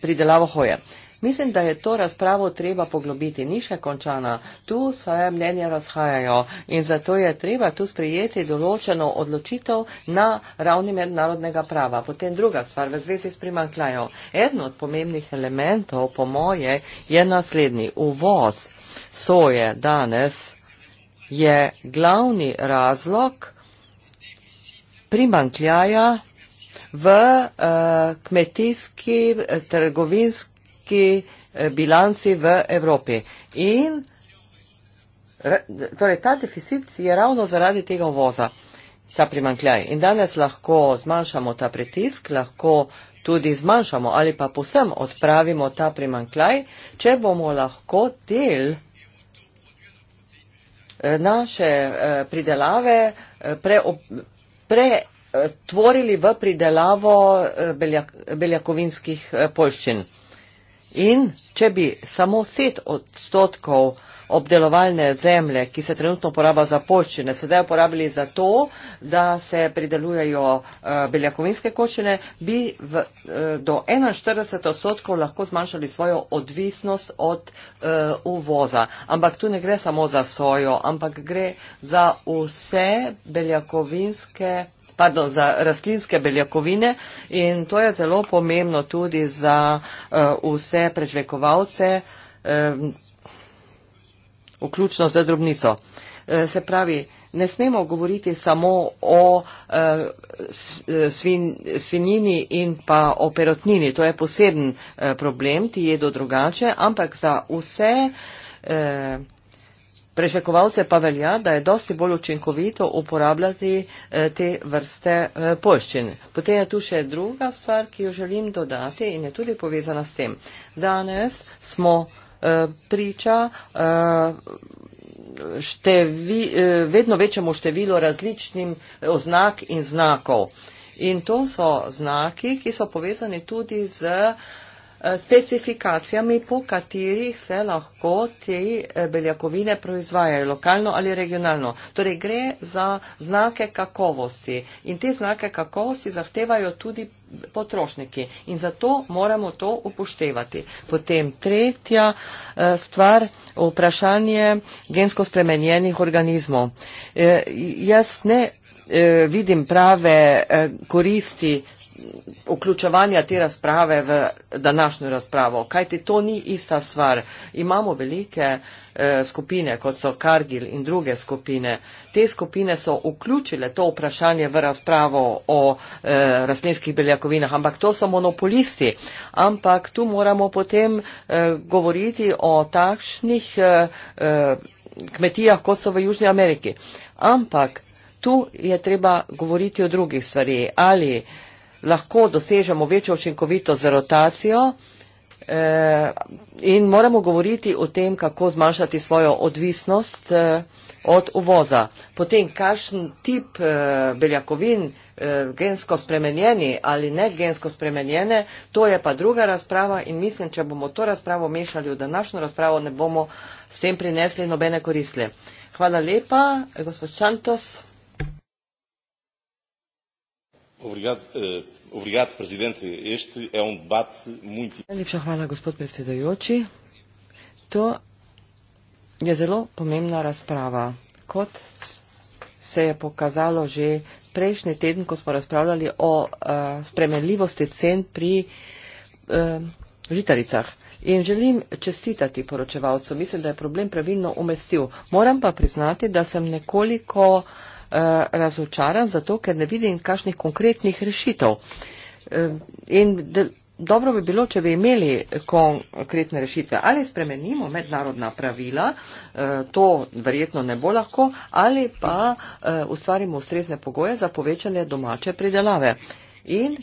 pridelavo hoje. Eh, Mislim, da je to razpravo treba poglobiti. Ni še končana. Tu se mnenja razhajajo in zato je treba tu sprijeti določeno odločitev na ravni mednarodnega prava. Potem druga stvar v zvezi s primanklajo. Eno od pomembnih elementov, po moje, je naslednji. Uvoz soje danes je glavni razlog primankljaja v uh, kmetijski, eh, trgovinski, energetski eh, bilanci v Evropi. In torej, ta deficit je ravno zaradi tega uvoza, ta primankljaj. In danes lahko zmanjšamo ta pritisk, lahko tudi zmanjšamo ali pa posem odpravimo ta primankljaj, če bomo lahko del eh, naše eh, pridelave pretvorili pre, v pridelavo beljak, beljakovinskih poljščin. In če bi samo 7 odstotkov obdelovalne zemlje, ki se trenutno poraba za poščine, sedaj uporabili za to, da se pridelujejo uh, beljakovinske kočine, bi v, uh, do 41 odstotkov lahko zmanjšali svojo odvisnost od uh, uvoza. Ampak tu ne gre samo za sojo, ampak gre za vse beljakovinske pardon, za rastlinske beljakovine in to je zelo pomembno tudi za uh, vse prežvekovalce, um, vključno za drobnico. Uh, se pravi, ne smemo govoriti samo o uh, svin, svinini in pa o perotnini, to je poseben uh, problem, ti jedo drugače, ampak za vse uh, Prešekovalce pa velja, da je dosti bolj učinkovito uporabljati eh, te vrste eh, poščin. Potem je tu še druga stvar, ki jo želim dodati in je tudi povezana s tem. Danes smo eh, priča števi, vedno večjemu številu različnim oznak in znakov. In to so znaki, ki so povezani tudi z. Eh, specifikacijami, po katerih se lahko te eh, beljakovine proizvajajo, lokalno ali regionalno. Torej gre za znake kakovosti in te znake kakovosti zahtevajo tudi potrošniki in zato moramo to upoštevati. Potem tretja eh, stvar, vprašanje gensko spremenjenih organizmov. Jaz ne vidim prave koristi vključevanja te razprave v današnjo razpravo. Kajti to ni ista stvar. Imamo velike eh, skupine, kot so Kargil in druge skupine. Te skupine so vključile to vprašanje v razpravo o eh, rastlinskih beljakovinah, ampak to so monopolisti. Ampak tu moramo potem eh, govoriti o takšnih eh, eh, kmetijah, kot so v Južni Ameriki. Ampak tu je treba govoriti o drugih stvari. Ali lahko dosežemo večjo učinkovitost za rotacijo eh, in moramo govoriti o tem, kako zmanjšati svojo odvisnost eh, od uvoza. Potem, kakšen tip eh, beljakovin, gensko spremenjeni ali ne gensko spremenjene, to je pa druga razprava in mislim, če bomo to razpravo mešali v današnjo razpravo, ne bomo s tem prinesli nobene koristle. Hvala lepa, gospod Čantos. Obrigado, uh, obrigado, presidente. Este é um debate muito. Najlepša hvala, gospod predsedujoči. To je zelo pomembna razprava. Kot se je pokazalo že prejšnji teden, ko smo razpravljali o uh, spremenljivosti cen pri uh, žitaricah. In želim čestitati poročevalcu. Mislim, da je problem pravilno umestil. Moram pa priznati, da sem nekoliko. Uh, Eh, razočaran, zato ker ne vidim kakšnih konkretnih rešitev. Eh, in dobro bi bilo, če bi imeli konkretne rešitve. Ali spremenimo mednarodna pravila, eh, to verjetno ne bo lahko, ali pa ustvarimo ustrezne pogoje za povečanje domače pridelave. In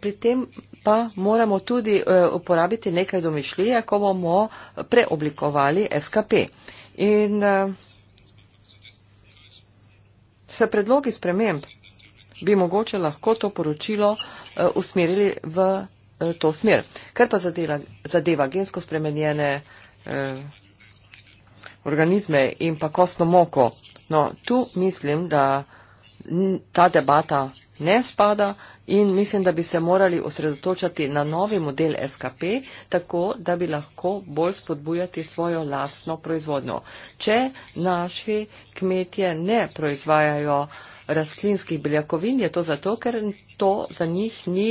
pri tem pa moramo tudi uporabiti nekaj domišljije, ko bomo preoblikovali SKP. In uh, se predlogi sprememb bi mogoče lahko to poročilo eh, usmerili v eh, to smer. Ker pa zadeva, zadeva gensko spremenjene eh, organizme in pa kostno moko. No, tu mislim, da ta debata ne spada in mislim, da bi se morali osredotočati na novi model SKP, tako da bi lahko bolj spodbujati svojo lastno proizvodnjo. Če naši kmetje ne proizvajajo rastlinskih beljakovin, je to zato, ker to za njih ni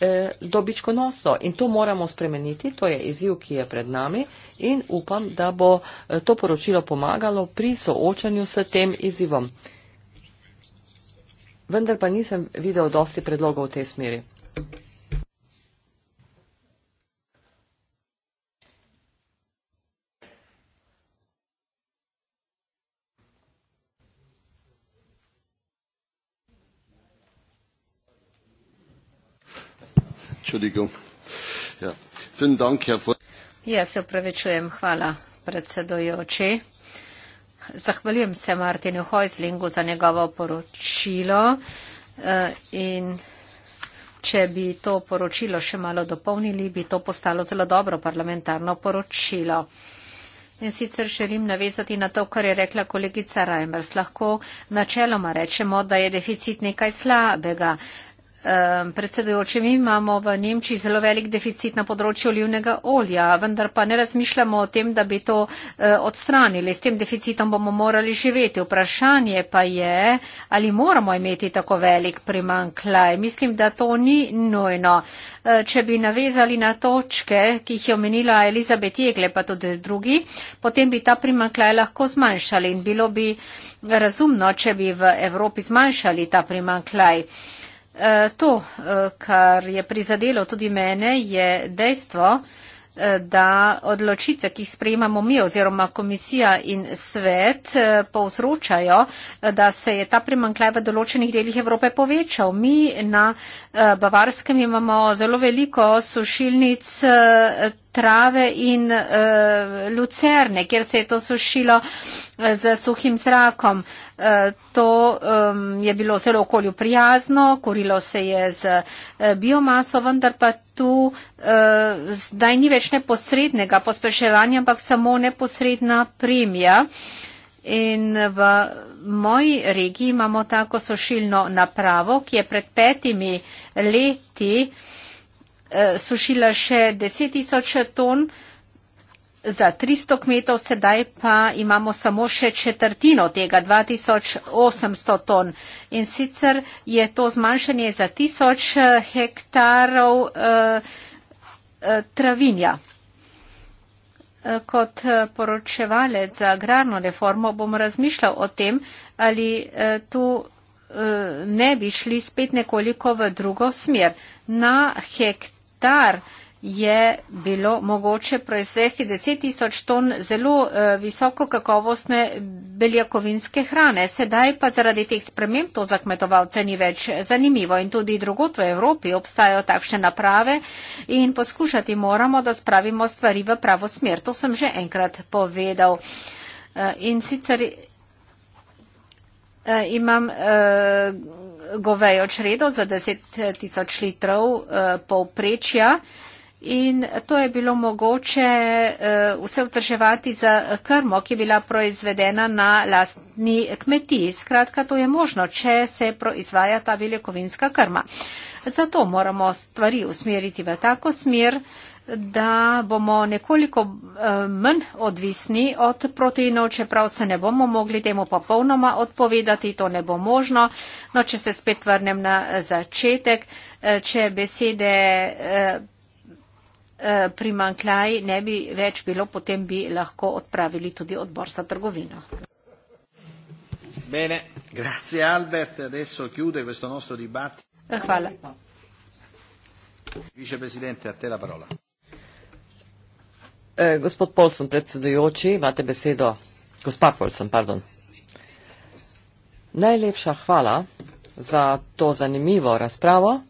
eh, dobičkonosno in to moramo spremeniti, to je izziv, ki je pred nami in upam, da bo eh, to poročilo pomagalo pri soočanju s tem izzivom vendar pa nisem videl dosti predlogov v tej smeri. Ja, ja, se upravičujem, hvala predsedojoči. Zahvaljujem se Martinu Hojzlingu za njegovo poročilo eh, in če bi to poročilo še malo dopolnili, bi to postalo zelo dobro parlamentarno poročilo. In sicer želim navezati na to, kar je rekla kolegica Reimers. Lahko načeloma rečemo, da je deficit nekaj slabega. Predsedujoči, mi imamo v Nemčiji zelo velik deficit na področju olivnega olja, vendar pa ne razmišljamo o tem, da bi to e, odstranili. S tem deficitom bomo morali živeti. Vprašanje pa je, ali moramo imeti tako velik primanklaj. Mislim, da to ni nujno. E, če bi navezali na točke, ki jih je omenila Elizabet Jegle, pa tudi drugi, potem bi ta primanklaj lahko zmanjšali in bilo bi razumno, če bi v Evropi zmanjšali ta primanklaj. Eh, to, eh, kar je prizadelo tudi mene, je dejstvo, eh, da odločitve, ki jih sprejemamo mi oziroma komisija in svet, povzročajo, da se je ta primankljaj v določenih delih Evrope povečal. Mi na Bavarskem imamo zelo veliko sušilnic trave in uh, lucerne, kjer se je to sušilo eh, z suhim zrakom. Uh, to um, je bilo zelo okolju prijazno, kurilo se je z uh, biomaso, vendar pa tu uh, zdaj ni več neposrednega pospeševanja, ampak samo neposredna premija. In v moji regiji imamo tako sušilno napravo, ki je pred petimi leti uh, Eh, sušila še 10 tisoč ton za 300 kmetov, sedaj pa imamo samo še četrtino tega, 2800 ton. In sicer je to zmanjšanje za 1000 eh, hektarov eh, travinja. Kot poročevalec za agrarno reformo bom razmišljal o tem, ali tu ne bi šli spet nekoliko v drugo smer. Na hektar hektar je bilo mogoče proizvesti 10 tisoč ton zelo eh, visoko kakovostne beljakovinske hrane. Sedaj pa zaradi teh sprememb to za kmetovalce ni več zanimivo in tudi drugot v Evropi obstajajo takšne naprave in poskušati moramo, da spravimo stvari v pravo smer. To sem že enkrat povedal. Eh, in sicer eh, imam govejo čredo za 10 eh, tisoč litrov eh, povprečja. In to je bilo mogoče eh, vse vzdrževati za krmo, ki je bila proizvedena na lastni kmetiji. Skratka, to je možno, če se proizvaja ta beljakovinska krma. Zato moramo stvari usmeriti v tako smer, da bomo nekoliko eh, manj odvisni od proteinov, čeprav se ne bomo mogli temu popolnoma odpovedati, to ne bo možno. No, če se spet vrnem na začetek, eh, če besede eh, primankljaj ne bi več bilo, potem bi lahko odpravili tudi odbor za trgovino. Bene, grazie Albert, adesso chiude questo nostro dibattito. Hvala. Viceprezidente, a te la parola. Eh, gospod Polsen, predsedujoči, imate besedo. Gospa Polsen, pardon. Najlepša hvala za to zanimivo razpravo.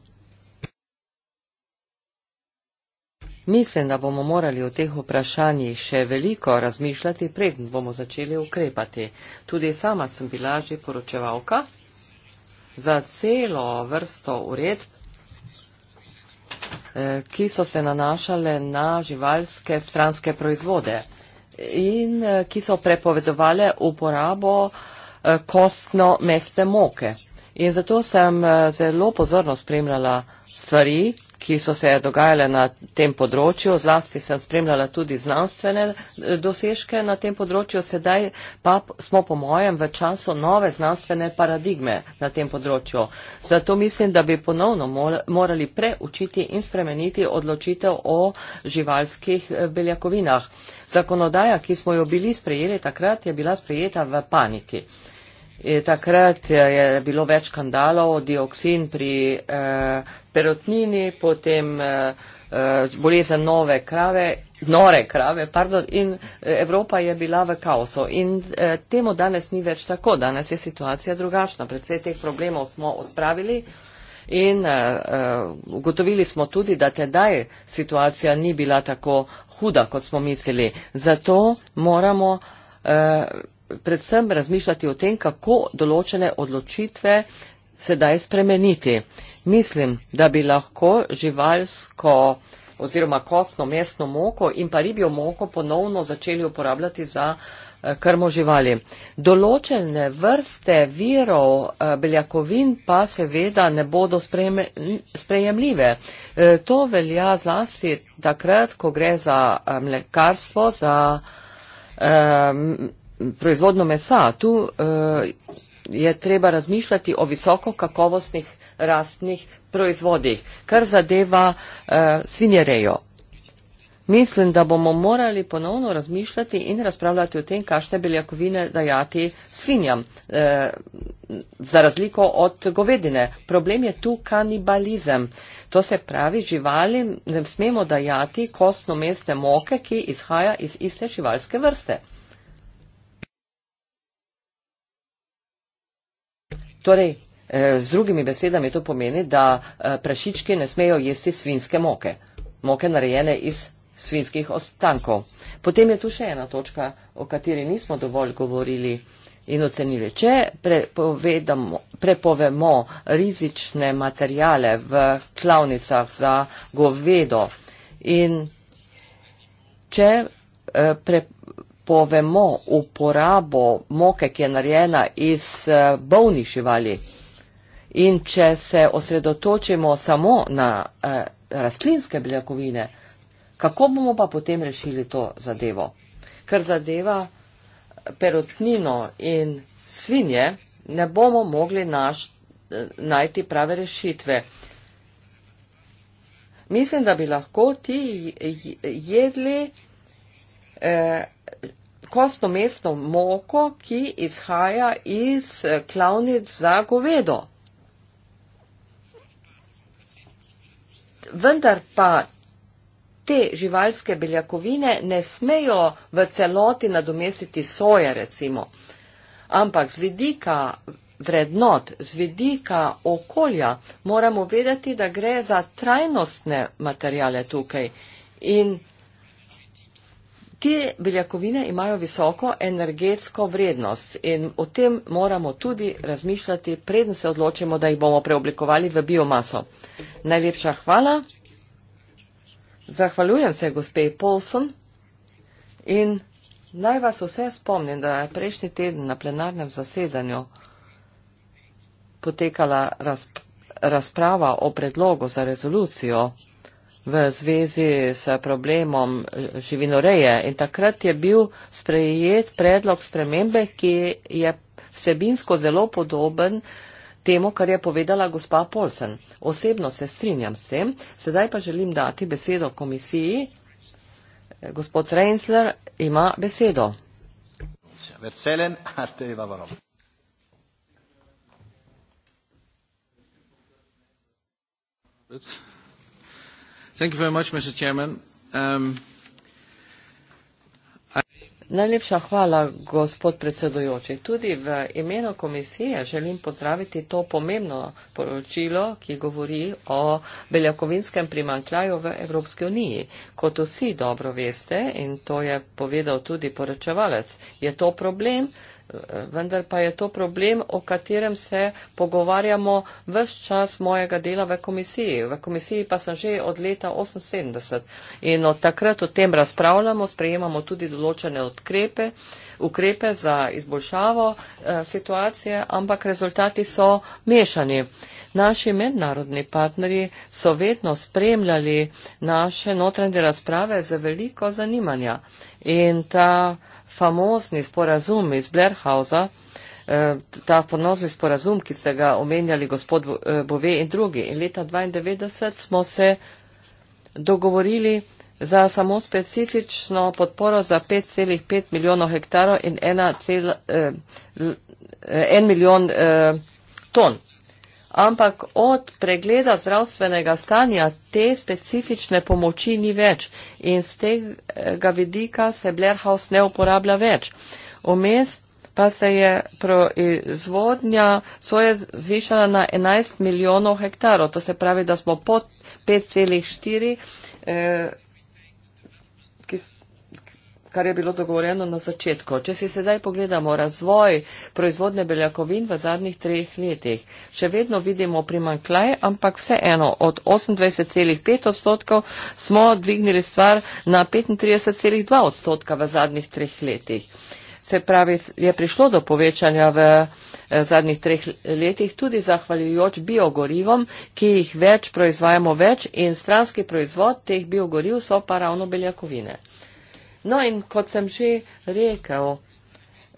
Mislim, da bomo morali o teh vprašanjih še veliko razmišljati, predn bomo začeli ukrepati. Tudi sama sem bila že poročevalka za celo vrsto uredb Eh, ki so se nanašale na živalske stranske proizvode in eh, ki so prepovedovale uporabo eh, kostno-meste moke. In zato sem zelo pozorno spremljala stvari, ki so se dogajale na tem področju. Zlasti sem spremljala tudi znanstvene eh, dosežke na tem področju. Sedaj pa smo po mojem v času nove znanstvene paradigme na tem področju. Zato mislim, da bi ponovno morali preučiti in spremeniti odločitev o živalskih eh, beljakovinah. Zakonodaja, ki smo jo bili sprejeli takrat, je bila sprejeta v paniki. In takrat eh, je bilo več skandalov, dioksin pri eh, perotnini, potem eh, eh, bolezen nove krave, nore krave, pardon, in eh, Evropa je bila v kaosu. In eh, temu danes ni več tako, danes je situacija drugačna. Predvsej teh problemov smo ospravili in eh, ugotovili smo tudi, da tedaj situacija ni bila tako huda, kot smo mislili. Zato moramo. Eh, predvsem razmišljati o tem, kako določene odločitve sedaj spremeniti. Mislim, da bi lahko živalsko oziroma kostno mestno moko in pa ribjo moko ponovno začeli uporabljati za eh, krmo živali. Določene vrste virov eh, beljakovin pa seveda ne bodo sprejemljive. Eh, to velja zlasti takrat, ko gre za mlekarstvo, za proizvodno mesa, tu eh, je treba razmišljati o visokokakovostnih rastnih proizvodih, kar zadeva eh, svinjerejo. Mislim, da bomo morali ponovno razmišljati in razpravljati o tem, kakšne beljakovine dajati svinjam, eh, za razliko od govedine. Problem je tu kanibalizem. To se pravi, živali ne smemo dajati kostno mestne moke, ki izhaja iz iste živalske vrste. Torej, eh, z drugimi besedami to pomeni, da eh, prašički ne smejo jesti svinske moke, moke narejene iz svinskih ostankov. Potem je tu še ena točka, o kateri nismo dovolj govorili in ocenili. Če prepovemo rizične materijale v klavnicah za govedo in če eh, prepovemo povemo uporabo moke, ki je narejena iz eh, bovnih živali. In če se osredotočimo samo na eh, rastlinske beljakovine, kako bomo pa potem rešili to zadevo? Ker zadeva eh, perotnino in svinje, ne bomo mogli naš, eh, najti prave rešitve. Mislim, da bi lahko ti jedli eh, kostno mesto moko, ki izhaja iz eh, klavnic za govedo. Vendar pa te živalske beljakovine ne smejo v celoti nadomestiti soje, recimo. Ampak z vidika vrednot, z vidika okolja moramo vedeti, da gre za trajnostne materijale tukaj. In Te beljakovine imajo visoko energetsko vrednost in o tem moramo tudi razmišljati, preden se odločimo, da jih bomo preoblikovali v biomaso. Najlepša hvala. Zahvaljujem se gospej Polson in naj vas vse spomnim, da je prejšnji teden na plenarnem zasedanju potekala razprava o predlogu za rezolucijo v zvezi s problemom živinoreje. In takrat je bil sprejet predlog spremembe, ki je vsebinsko zelo podoben temu, kar je povedala gospa Polsen. Osebno se strinjam s tem. Sedaj pa želim dati besedo komisiji. Gospod Reinsler ima besedo. Vrselen, Thank you very much, Mr. Chairman. Um, Najlepša hvala, gospod predsedujoči. Tudi v imenu komisije želim pozdraviti to pomembno poročilo, ki govori o beljakovinskem primankljaju v Evropski uniji. Kot vsi dobro veste, in to je povedal tudi poročevalec, je to problem, vendar pa je to problem, o katerem se pogovarjamo vse čas mojega dela v komisiji. V komisiji pa sem že od leta 1978 in od takrat o tem razpravljamo, sprejemamo tudi določene odkrepe, ukrepe za izboljšavo eh, situacije, ampak rezultati so mešani. Naši mednarodni partnerji so vedno spremljali naše notranje razprave z veliko zanimanja in ta famozni sporazum iz Blairhausa, eh, ta ponosni sporazum, ki ste ga omenjali gospod eh, Bove in drugi. In leta 1992 smo se dogovorili za samo specifično podporo za 5,5 milijonov hektarov in 1 eh, milijon ton ampak od pregleda zdravstvenega stanja te specifične pomoči ni več in z tega vidika se Blairhouse ne uporablja več. Vmes pa se je proizvodnja svoje zvišala na 11 milijonov hektarov, to se pravi, da smo pod 5,4 eh, kar je bilo dogovorjeno na začetku. Če si sedaj pogledamo razvoj proizvodne beljakovin v zadnjih treh letih, še vedno vidimo primanklaj, ampak vseeno od 28,5 odstotkov smo dvignili stvar na 35,2 odstotka v zadnjih treh letih. Se pravi, je prišlo do povečanja v eh, zadnjih treh letih tudi zahvaljujoč biogorivom, ki jih več proizvajamo več in stranski proizvod teh biogoriv so pa ravno beljakovine. No in kot sem že rekel,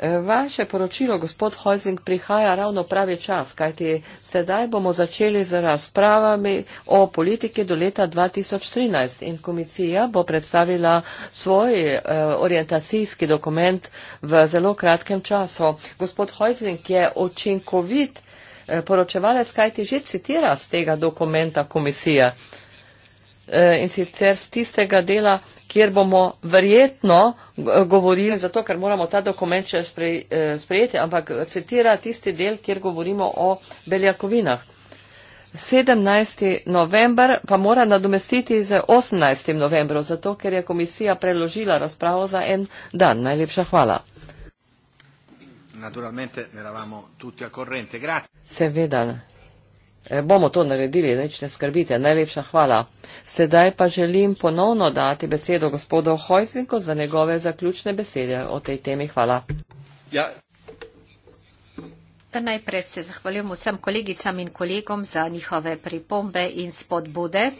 eh, vaše poročilo, gospod Hojzing, prihaja ravno pravi čas, kajti sedaj bomo začeli z razpravami o politiki do leta 2013 in komisija bo predstavila svoj eh, orientacijski dokument v zelo kratkem času. Gospod Hojzing je učinkovit eh, poročevalec, kajti že citira z tega dokumenta komisija. E, in sicer z tistega dela, kjer bomo verjetno govorili, zato ker moramo ta dokument še e, sprejeti, ampak citira tisti del, kjer govorimo o beljakovinah. 17. november pa mora nadomestiti z 18. novembro, zato ker je komisija preložila razpravo za en dan. Najlepša hvala. Seveda, e, bomo to naredili, nič ne skrbite. Najlepša hvala. Sedaj pa želim ponovno dati besedo gospodu Hojzniku za njegove zaključne besede o tej temi. Hvala. Ja. Najprej se zahvaljujem vsem kolegicam in kolegom za njihove pripombe in spodbude.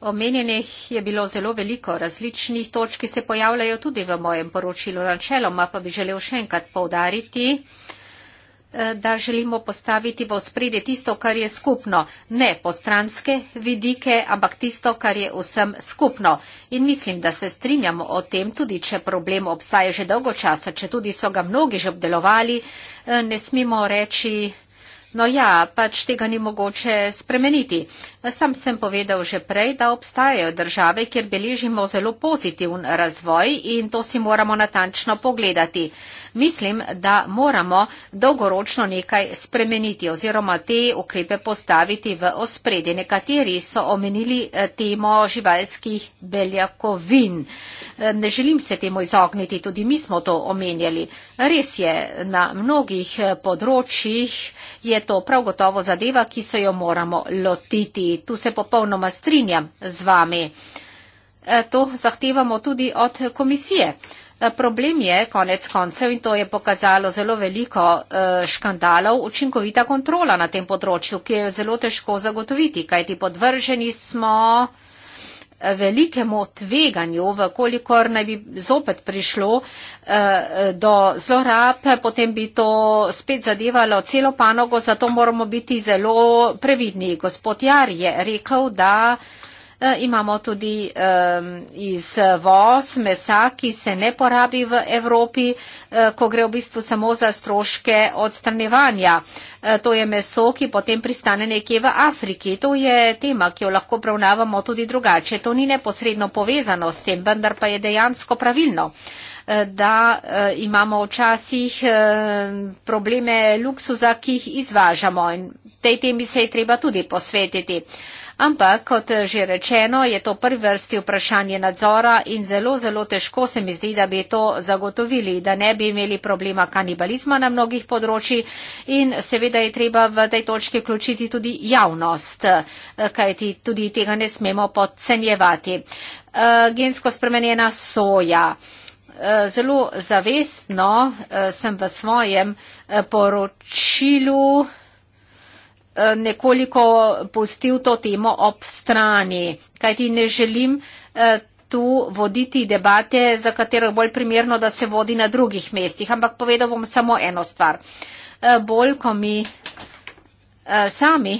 Omenjenih je bilo zelo veliko različnih točk, ki se pojavljajo tudi v mojem poročilu načeloma, pa bi želel še enkrat povdariti, Eh, da želimo postaviti v spredje tisto, kar je skupno, ne postranske vidike, ampak tisto, kar je vsem skupno. In mislim, da se strinjamo o tem, tudi če problem obstaja že dolgo časa, če tudi so ga mnogi že obdelovali, eh, ne smemo reči, No ja, pač tega ni mogoče spremeniti. Sam sem povedal že prej, da obstajajo države, kjer beležimo zelo pozitiven razvoj in to si moramo natančno pogledati. Mislim, da moramo dolgoročno nekaj spremeniti oziroma te ukrepe postaviti v ospredje. Nekateri so omenili eh, temo živalskih beljakovin. Eh, ne želim se temu izogniti, tudi mi smo to omenjali. Res je, na mnogih eh, področjih je to prav gotovo zadeva, ki se jo moramo lotiti. Tu se popolnoma strinjam z vami. E, to zahtevamo tudi od komisije. E, problem je, konec koncev, in to je pokazalo zelo veliko e, škandalov, učinkovita kontrola na tem področju, ki je zelo težko zagotoviti, kajti podvrženi smo velikemu tveganju, vkolikor naj bi zopet prišlo eh, do zlorab, potem bi to spet zadevalo celo panogo, zato moramo biti zelo previdni. Gospod Jar je rekel, da E, imamo tudi um, e, izvoz mesa, ki se ne porabi v Evropi, uh, ko gre v bistvu samo za stroške odstranjevanja. Uh, to je meso, ki potem pristane nekje v Afriki. To je tema, ki jo lahko obravnavamo tudi drugače. To ni neposredno povezano s tem, vendar pa je dejansko pravilno da imamo včasih probleme luksuza, ki jih izvažamo in tej temi se je treba tudi posvetiti. Ampak, kot eh, že rečeno, je to prvi vrsti vprašanje nadzora in zelo, zelo težko se mi zdi, da bi to zagotovili, da ne bi imeli problema kanibalizma na mnogih področji in seveda je treba v tej točki vključiti tudi javnost, eh, kajti tudi tega ne smemo podcenjevati. Eh, gensko spremenjena soja. Zelo zavestno sem v svojem poročilu Eh, nekoliko pustil to temo ob strani, kajti ne želim eh, tu voditi debate, za katero je bolj primerno, da se vodi na drugih mestih, ampak povedal bom samo eno stvar. Eh, bolj, ko mi sami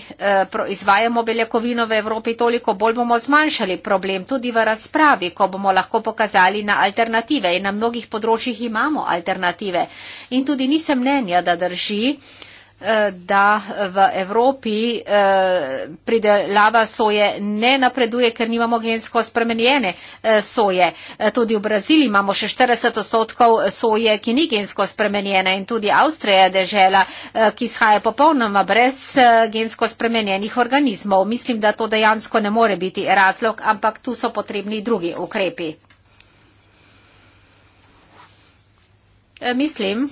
proizvajamo beljakovino v Evropi, toliko bolj bomo zmanjšali problem tudi v razpravi, ko bomo lahko pokazali na alternative. In na mnogih področjih imamo alternative. In tudi nisem mnenja, da drži, da v Evropi eh, pridelava soje ne napreduje, ker nimamo gensko spremenjene eh, soje. Eh, tudi v Braziliji imamo še 40 odstotkov soje, ki ni gensko spremenjena in tudi Avstrija je dežela, ki shaja popolnoma brez gensko spremenjenih organizmov. Mislim, da to dejansko ne more biti razlog, ampak tu so potrebni drugi ukrepi. Mislim,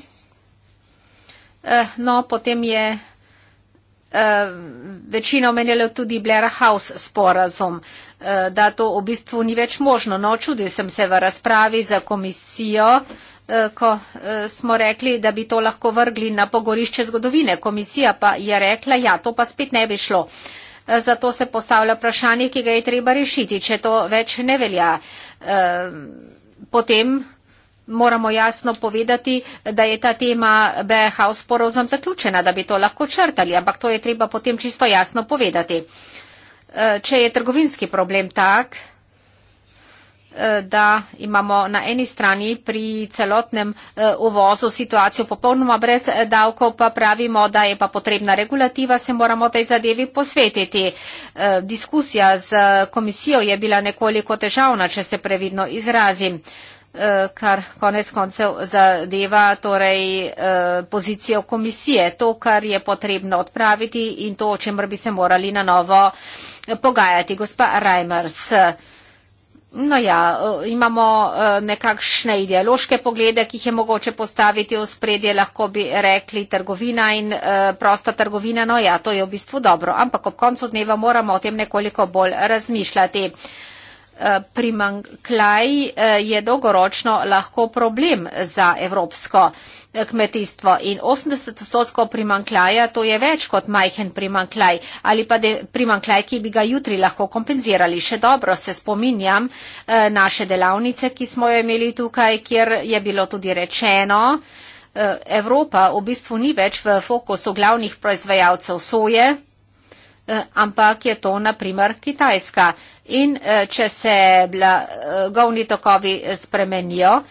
Eh, no, potem je eh, večina omenjala tudi Blair House sporazum, eh, da to v bistvu ni več možno. No, čudil sem se v razpravi za komisijo, eh, ko eh, smo rekli, da bi to lahko vrgli na pogorišče zgodovine. Komisija pa je rekla, ja, to pa spet ne bi šlo. Eh, zato se postavlja vprašanje, ki ga je treba rešiti, če to več ne velja. Eh, potem moramo jasno povedati, da je ta tema BH v sporozum zaključena, da bi to lahko črtali, ampak to je treba potem čisto jasno povedati. E, če je trgovinski problem tak, e, da imamo na eni strani pri celotnem e, uvozu situacijo popolnoma brez davkov, pa pravimo, da je pa potrebna regulativa, se moramo tej zadevi posvetiti. Diskusija z komisijo je bila nekoliko težavna, če se previdno izrazim. Eh, kar konec koncev zadeva torej, eh, pozicijo komisije, to, kar je potrebno odpraviti in to, o čemer bi se morali na novo pogajati. Gospa Reimers, no ja, eh, imamo nekakšne ideološke poglede, ki jih je mogoče postaviti v spredje, lahko bi rekli trgovina in prosta trgovina, no ja, to je v bistvu dobro, ampak ob koncu dneva moramo o tem nekoliko bolj razmišljati. Eh, primankljaj eh, je dolgoročno lahko problem za evropsko eh, kmetijstvo in 80 odstotkov primankljaja to je več kot majhen primankljaj ali pa primankljaj, ki bi ga jutri lahko kompenzirali. Še dobro se spominjam naše delavnice, ki smo jo imeli tukaj, kjer je bilo tudi rečeno, Evropa v bistvu ni več v fokusu glavnih proizvajalcev soje. Eh, ampak je to naprimer Kitajska. In eh, če se eh, govni tokovi spremenijo,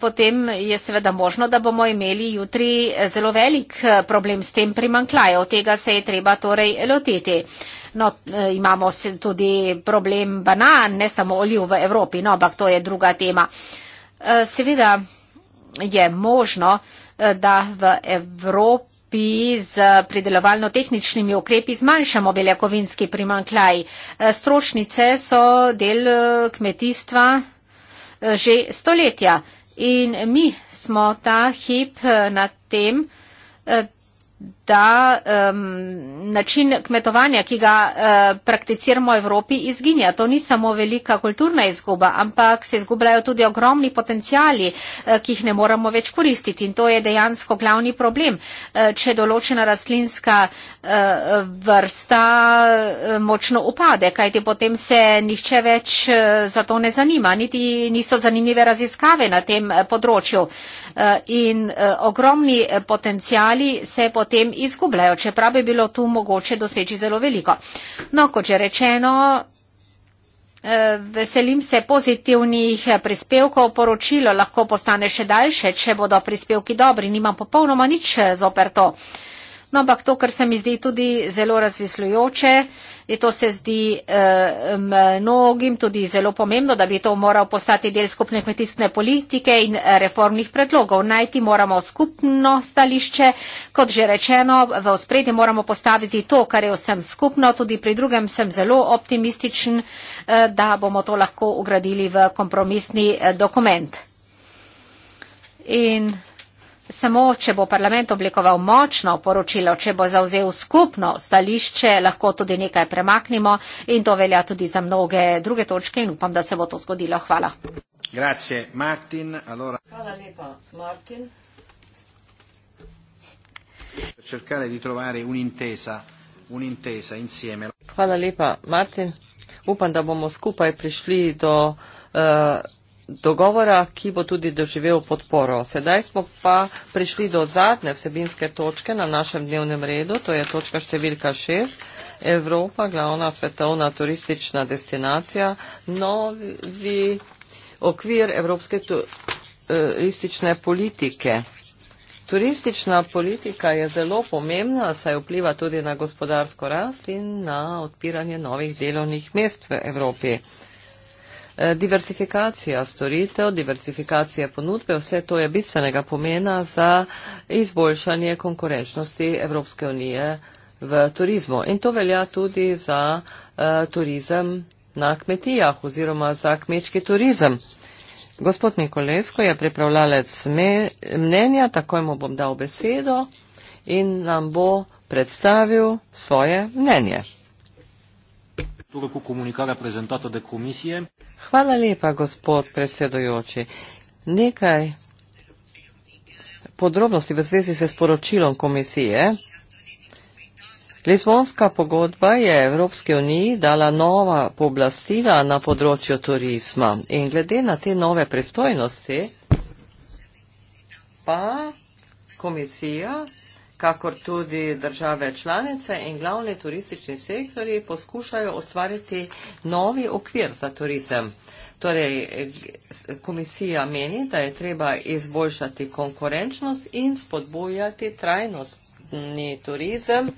potem je seveda možno, da bomo imeli jutri zelo velik problem s tem primankljajem. Tega se je treba torej lotiti. No, imamo tudi problem banan, ne samo oliv v Evropi, no, ampak to je druga tema. Seveda je možno, da v Evropi bi z pridelovalno-tehničnimi ukrepi zmanjšamo beljakovinski primankljaj. E, strošnice so del e, kmetijstva e, že stoletja in mi smo ta hip na tem, da um, način kmetovanja, ki ga uh, prakticiramo v Evropi, izginja. To ni samo velika kulturna izguba, ampak se izgubljajo tudi ogromni potencijali, uh, eh, ki jih ne moramo več koristiti. In to je dejansko glavni problem. Uh, če določena rastlinska uh, vrsta uh, močno upade, kajti potem se nihče več uh, za to ne zanima, niti niso zanimive raziskave na tem uh, področju. Uh, in uh, ogromni uh, potencijali se potem izgubljajo, čeprav bi bilo tu mogoče doseči zelo veliko. No, kot že rečeno, eh, veselim se pozitivnih prispevkov, poročilo lahko postane še daljše, če bodo prispevki dobri, nimam popolnoma nič zoper to. No, ampak to, kar se mi zdi tudi zelo razvislujoče, je to se zdi eh, mnogim tudi zelo pomembno, da bi to moral postati del skupne kmetijske politike in reformnih predlogov. Najti moramo skupno stališče, kot že rečeno, v ospredje moramo postaviti to, kar je vsem skupno, tudi pri drugem sem zelo optimističen, eh, da bomo to lahko ugradili v kompromisni eh, dokument. In Samo, če bo parlament oblikoval močno poročilo, če bo zauzel skupno stališče, lahko tudi nekaj premaknimo in to velja tudi za mnoge druge točke in upam, da se bo to zgodilo. Hvala. Grazie, Martin, allora... Hvala lepa, Martin. Cercare di trovare un'intesa, un'intesa insieme. Hvala lepa, Martin. Upam, da bomo skupaj prišli do uh, dogovora, ki bo tudi doživel podporo. Sedaj smo pa prišli do zadnje vsebinske točke na našem dnevnem redu, to je točka številka šest. Evropa, glavna svetovna turistična destinacija, novi okvir evropske turistične politike. Turistična politika je zelo pomembna, saj vpliva tudi na gospodarsko rast in na odpiranje novih delovnih mest v Evropi. Eh, diversifikacija storitev, diversifikacija ponudbe, vse to je bistvenega pomena za izboljšanje konkurenčnosti Evropske unije v turizmu. In to velja tudi za uh, turizem na kmetijah oziroma za kmečki turizem. Gospod Mikolesko je pripravljalec mnenja, takoj mu bom dal besedo in nam bo predstavil svoje mnenje kako komunika reprezentata de komisije. Hvala lepa, gospod predsedojoči. Nekaj podrobnosti v zvezi s sporočilom komisije. Lizbonska pogodba je Evropske unije dala nova pooblastila na področju turizma in glede na te nove pristojnosti pa komisija kakor tudi države članice in glavni turistični sektori poskušajo ustvariti novi okvir za turizem. Torej, komisija meni, da je treba izboljšati konkurenčnost in spodbojati trajnostni turizem. Uh,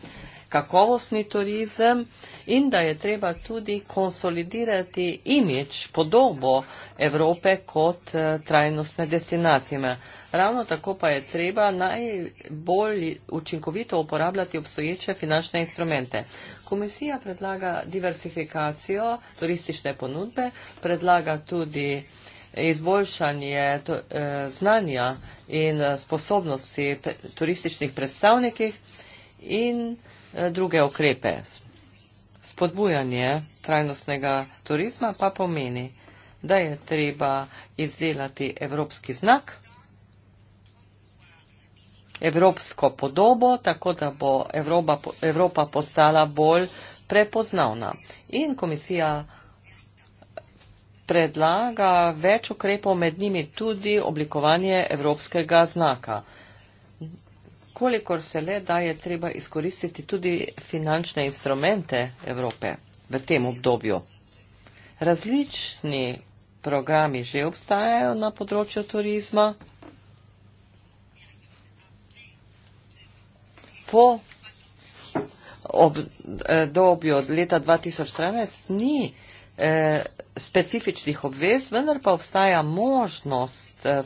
kakovostni turizem in da je treba tudi konsolidirati imič, podobo Evrope kot eh, trajnostne destinacije. Ravno tako pa je treba najbolj učinkovito uporabljati obstoječe finančne instrumente. Komisija predlaga diversifikacijo turistične ponudbe, predlaga tudi izboljšanje eh, znanja in eh, sposobnosti turističnih predstavnikih in Eh, druge okrepe. Spodbujanje trajnostnega turizma pa pomeni, da je treba izdelati evropski znak, evropsko podobo, tako da bo Evropa, Evropa postala bolj prepoznavna. In komisija predlaga več ukrepov, med njimi tudi oblikovanje evropskega znaka kolikor se le da je treba izkoristiti tudi finančne instrumente Evrope v tem obdobju. Različni programi že obstajajo na področju turizma. Po obdobju eh, od leta 2014 ni eh, specifičnih obvez, vendar pa obstaja možnost eh,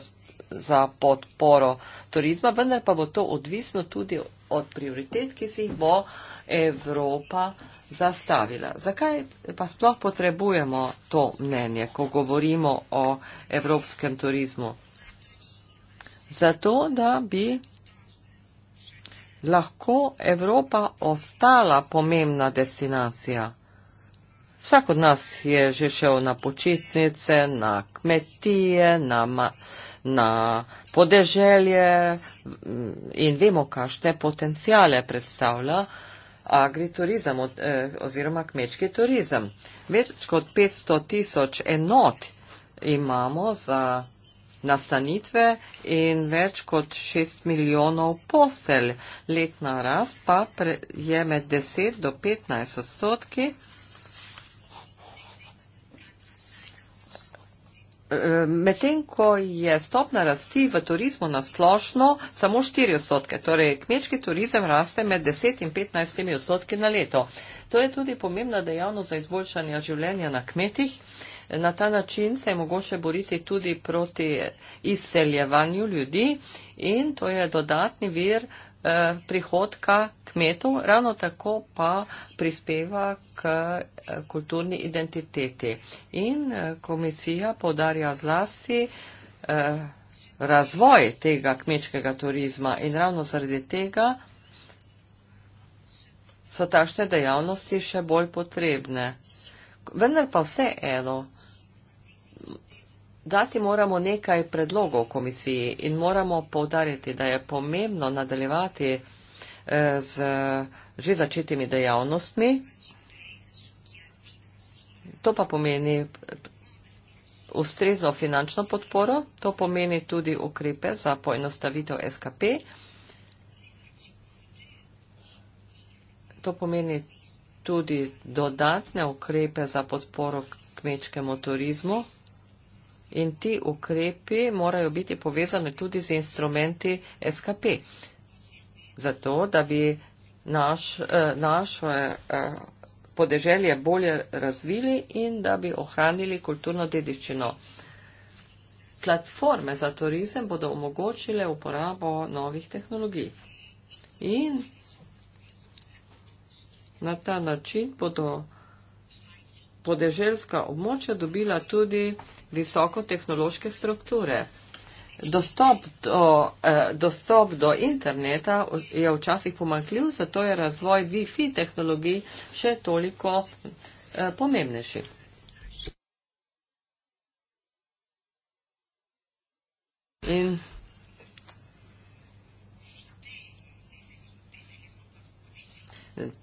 za podporo turizma, vendar pa bo to odvisno tudi od prioritet, ki si jih bo Evropa zastavila. Zakaj pa sploh potrebujemo to mnenje, ko govorimo o evropskem turizmu? Zato, da bi lahko Evropa ostala pomembna destinacija. Vsak od nas je že šel na počitnice, na kmetije, na ma na podeželje mm, in vemo, kašne potencijale predstavlja agriturizem eh, oziroma kmečki turizem. Več kot 500 tisoč enot imamo za nastanitve in več kot 6 milijonov postelj. Letna rast pa je med 10 do 15 odstotki. Medtem ko je stopna rasti v turizmu na splošno samo 4 odstotke, torej kmečki turizem raste med 10 in 15 odstotki na leto. To je tudi pomembna dejavnost za izboljšanje življenja na kmetih. Na ta način se je mogoče boriti tudi proti izseljevanju ljudi in to je dodatni vir Eh, prihodka kmetom, ravno tako pa prispeva k eh, kulturni identiteti. In eh, komisija podarja zlasti razvoj tega kmečkega turizma in ravno zaradi tega so takšne dejavnosti še bolj potrebne. Vendar pa vse eno, Dati moramo nekaj predlogov komisiji in moramo povdariti, da je pomembno nadaljevati eh, z že začetimi dejavnostmi. To pa pomeni ustrezno finančno podporo, to pomeni tudi ukrepe za poenostavitev SKP, to pomeni tudi dodatne ukrepe za podporo kmečkemu turizmu, in ti ukrepi morajo biti povezani tudi z instrumenti SKP. Zato, da bi naš, eh, naše eh, podeželje bolje razvili in da bi ohranili kulturno dediščino. Platforme za turizem bodo omogočile uporabo novih tehnologij. In na ta način bodo podeželska območja dobila tudi visokotehnološke strukture. Dostop do, eh, dostop do interneta je včasih pomankljiv, zato je razvoj Wi-Fi tehnologij še toliko eh, pomembnejši. In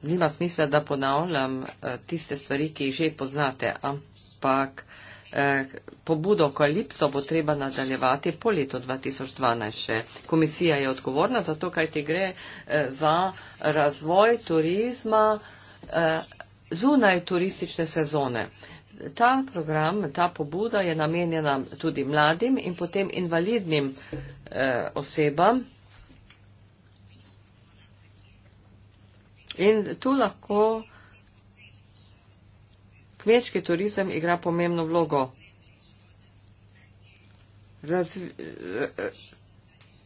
nima smisla, da ponavljam eh, tiste stvari, ki jih že poznate, ampak eh, eh, pobudo Kalipso bo treba nadaljevati po letu 2012 še. Komisija je odgovorna za to, kaj ti gre eh, za razvoj turizma eh, zunaj turistične sezone. Ta program, ta pobuda je namenjena tudi mladim in potem invalidnim eh, osebam. In tu lahko Kmečki turizem igra pomembno vlogo. Razvi,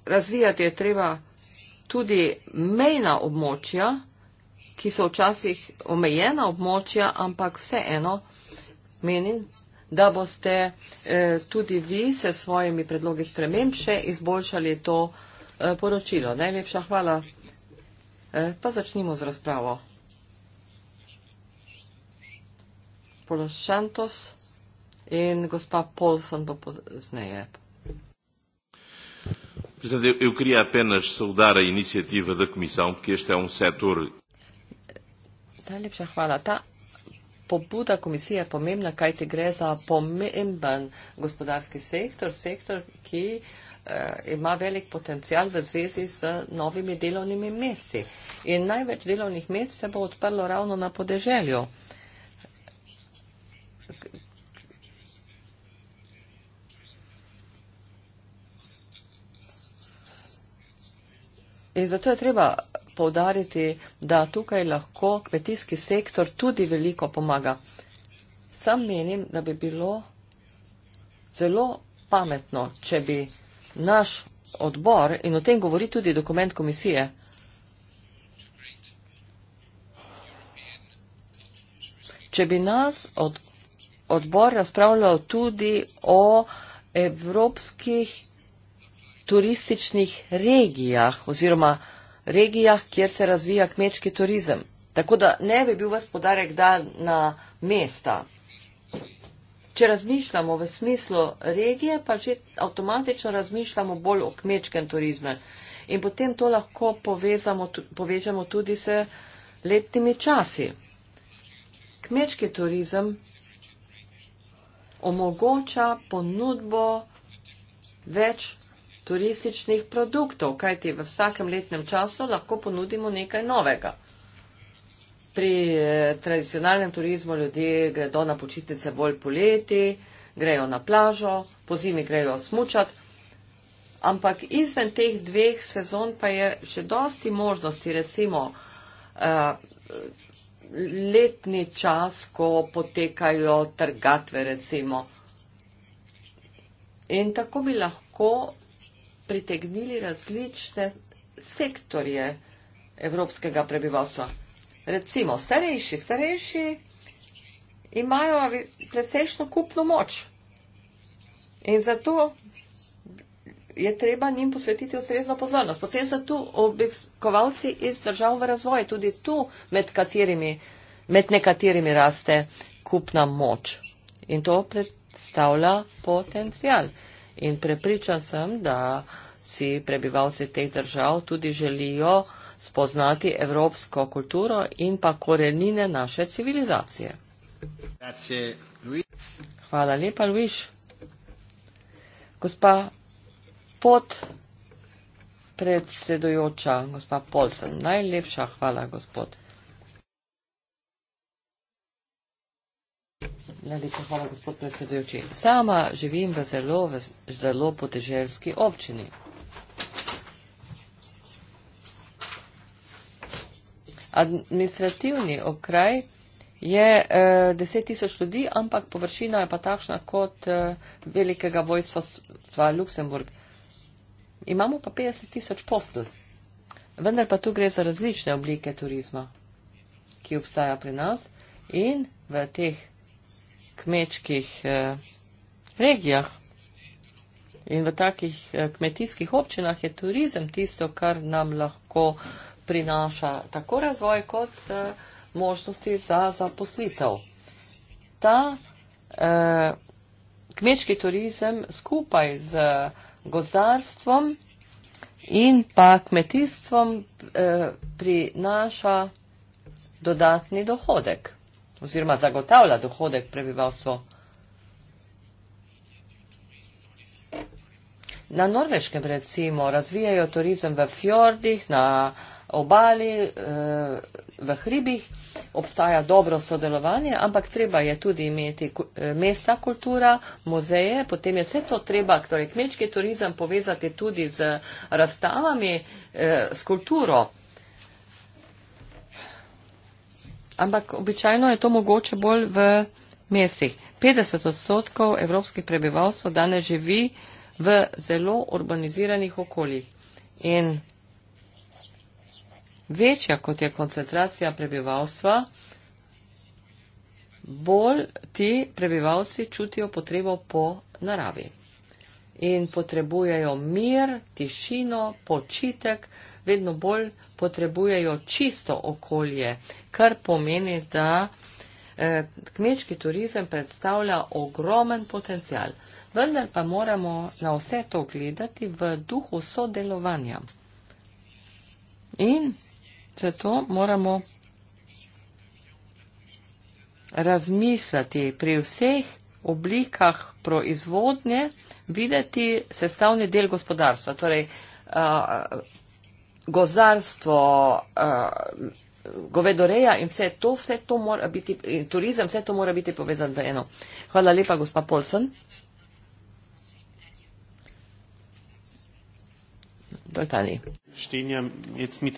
razvijati je treba tudi mejna območja, ki so včasih omejena območja, ampak vseeno menim, da boste eh, tudi vi se svojimi predlogi sprememb še izboljšali to eh, poročilo. Najlepša hvala. Eh, pa začnimo z razpravo. Prošentos in gospa Polson bo pozdneje. Presidente, eu queria apenas saudar a iniciativa da Comissão, porque este é um setor. Najlepša hvala. Ta pobuda komisije je pomembna, kaj te gre za pomemben gospodarski sektor, sektor, ki eh, ima velik potencial v zvezi z novimi delovnimi mesti. In največ delovnih mest se bo odprlo ravno na podeželju. In zato je treba povdariti, da tukaj lahko kmetijski sektor tudi veliko pomaga. Sam menim, da bi bilo zelo pametno, če bi naš odbor, in o tem govori tudi dokument komisije, če bi nas od, odbor razpravljal tudi o evropskih turističnih regijah oziroma regijah, kjer se razvija kmečki turizem. Tako da ne bi bil vas podarek dan na mesta. Če razmišljamo v smislu regije, pa že avtomatično razmišljamo bolj o kmečkem turizmu. In potem to lahko povezamo, povežemo tudi s letnimi časi. Kmečki turizem omogoča ponudbo več turističnih produktov, kajti v vsakem letnem času lahko ponudimo nekaj novega. Pri eh, tradicionalnem turizmu ljudje gredo na počitnice bolj poleti, grejo na plažo, po zimi grejo smučati, ampak izven teh dveh sezon pa je še dosti možnosti, recimo eh, letni čas, ko potekajo trgatve, recimo. In tako bi lahko pritegnili različne sektorje evropskega prebivalstva. Recimo, starejši, starejši imajo precejšno kupno moč in zato je treba njim posvetiti ustrezno pozornost. Potem so tu obiskovalci iz držav v razvoju, tudi tu med, katerimi, med nekaterimi raste kupna moč. In to predstavlja potencial. In prepriča sem, da si prebivalci teh držav tudi želijo spoznati evropsko kulturo in pa korenine naše civilizacije. Hvala lepa, Luiš. Gospa pod predsedujoča, gospa Polsen, najlepša hvala, gospod. Najlepša hvala, gospod predsedujoči. Sama živim v zelo, v zelo podeželski občini. Administrativni okraj je eh, deset tisoč ljudi, ampak površina je pa takšna kot e, velikega vojstva Luksemburg. Imamo pa 50 tisoč postelj. Vendar pa tu gre za različne oblike turizma, ki obstaja pri nas in v teh kmečkih eh, regijah in v takih eh, kmetijskih občinah je turizem tisto, kar nam lahko prinaša tako razvoj kot eh, možnosti za zaposlitev. Ta eh, kmečki turizem skupaj z gozdarstvom in pa kmetijstvom eh, prinaša dodatni dohodek oziroma zagotavlja dohodek prebivalstvo. Na Norveškem recimo razvijajo turizem v fjordih, na obali, eh, v hribih, obstaja dobro sodelovanje, ampak treba je tudi imeti eh, mesta, kultura, muzeje, potem je vse to treba, torej kmečki turizem povezati tudi z razstavami, eh, s kulturo. ampak običajno je to mogoče bolj v mestih. 50 odstotkov evropskih prebivalstva danes živi v zelo urbaniziranih okoljih. In večja kot je koncentracija prebivalstva, bolj ti prebivalci čutijo potrebo po naravi. In potrebujejo mir, tišino, počitek, vedno bolj potrebujejo čisto okolje, kar pomeni, da eh, kmečki turizem predstavlja ogromen potencial. Vendar pa moramo na vse to gledati v duhu sodelovanja. In zato moramo razmišljati pri vseh oblikah proizvodnje, videti sestavni del gospodarstva, torej gozdarstvo, eh, govedoreja in vse to, vse to mora biti, turizem, vse to mora biti povezan v eno. Hvala lepa, gospa Polsen. Štinjam, jaz mi.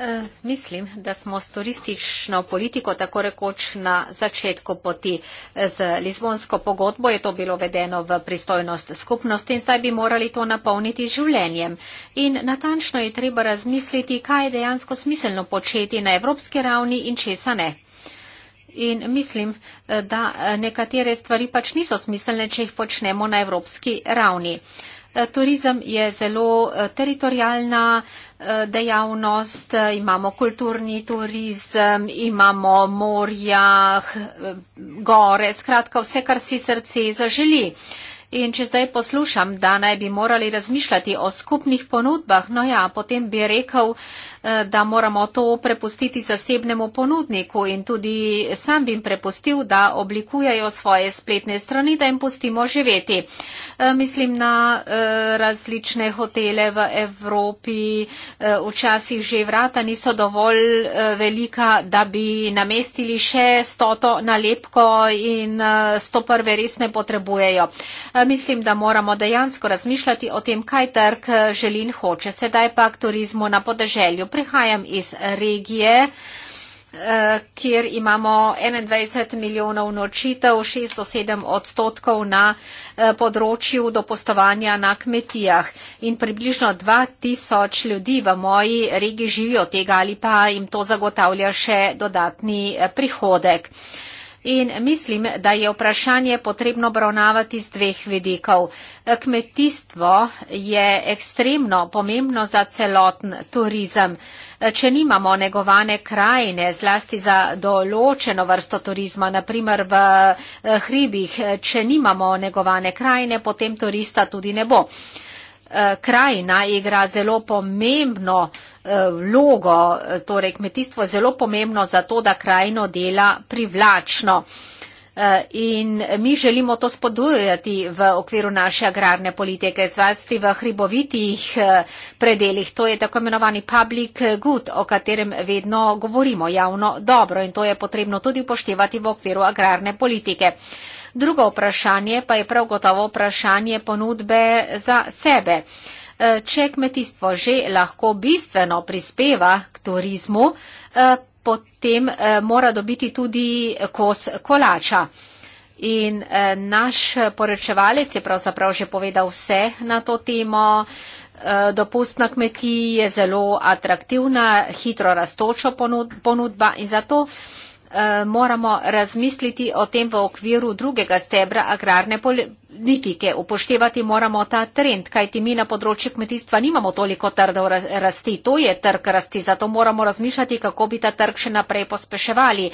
Eh, mislim, da smo s turistično politiko tako rekoč na začetku poti. Eh, z Lizbonsko pogodbo je to bilo vedeno v pristojnost skupnosti in zdaj bi morali to napolniti življenjem. In natančno je treba razmisliti, kaj je dejansko smiselno početi na evropski ravni in česa ne. In mislim, eh, da nekatere stvari pač niso smiselne, če jih počnemo na evropski ravni. Eh, turizem je zelo eh, teritorijalna eh, dejavnost, imamo kulturni turizem, imamo morja, gore, skratka vse, kar si srce zaželi. In če zdaj poslušam, da naj bi morali razmišljati o skupnih ponudbah, no ja, potem bi rekel, eh, da moramo to prepustiti zasebnemu ponudniku in tudi sam bi jim prepustil, da oblikujajo svoje spletne strani, da jim pustimo živeti. Eh, mislim na eh, različne hotele v Evropi, včasih že vrata niso dovolj velika, da bi namestili še stoto nalepko in stoprve res ne potrebujejo. Eh, mislim, da moramo dejansko razmišljati o tem, kaj trg eh, želi in hoče. Sedaj pa k turizmu na podeželju. Prihajam iz regije eh, kjer imamo 21 milijonov nočitev, 607 odstotkov na področju dopostovanja na kmetijah. In približno 2000 ljudi v moji regiji živijo tega ali pa jim to zagotavlja še dodatni prihodek in mislim, da je vprašanje potrebno obravnavati z dveh vidikov. Kmetijstvo je ekstremno pomembno za celoten turizem. Če nimamo negovane krajine, zlasti za določeno vrsto turizma, naprimer v eh, hribih, če nimamo negovane krajine, potem turista tudi ne bo. Eh, krajina igra zelo pomembno eh, vlogo, eh, torej kmetijstvo je zelo pomembno za to, da krajino dela privlačno. In mi želimo to spodbujati v okviru naše agrarne politike, zvasti v hribovitih predeljih. To je tako imenovani public good, o katerem vedno govorimo, javno dobro. In to je potrebno tudi upoštevati v okviru agrarne politike. Drugo vprašanje pa je prav gotovo vprašanje ponudbe za sebe. E, če kmetijstvo že lahko bistveno prispeva k turizmu, e, potem e, mora dobiti tudi kos kolača. In naš poročevalec je pravzaprav že povedal vse na to temo. Dopustna kmetija je zelo atraktivna, hitro rastočo ponudba in zato. Eh, moramo razmisliti o tem v okviru drugega stebra agrarne politike. Upoštevati moramo ta trend, kajti mi na področju kmetijstva nimamo toliko trdov rasti. To je trg rasti, zato moramo razmišljati, kako bi ta trg še naprej pospeševali.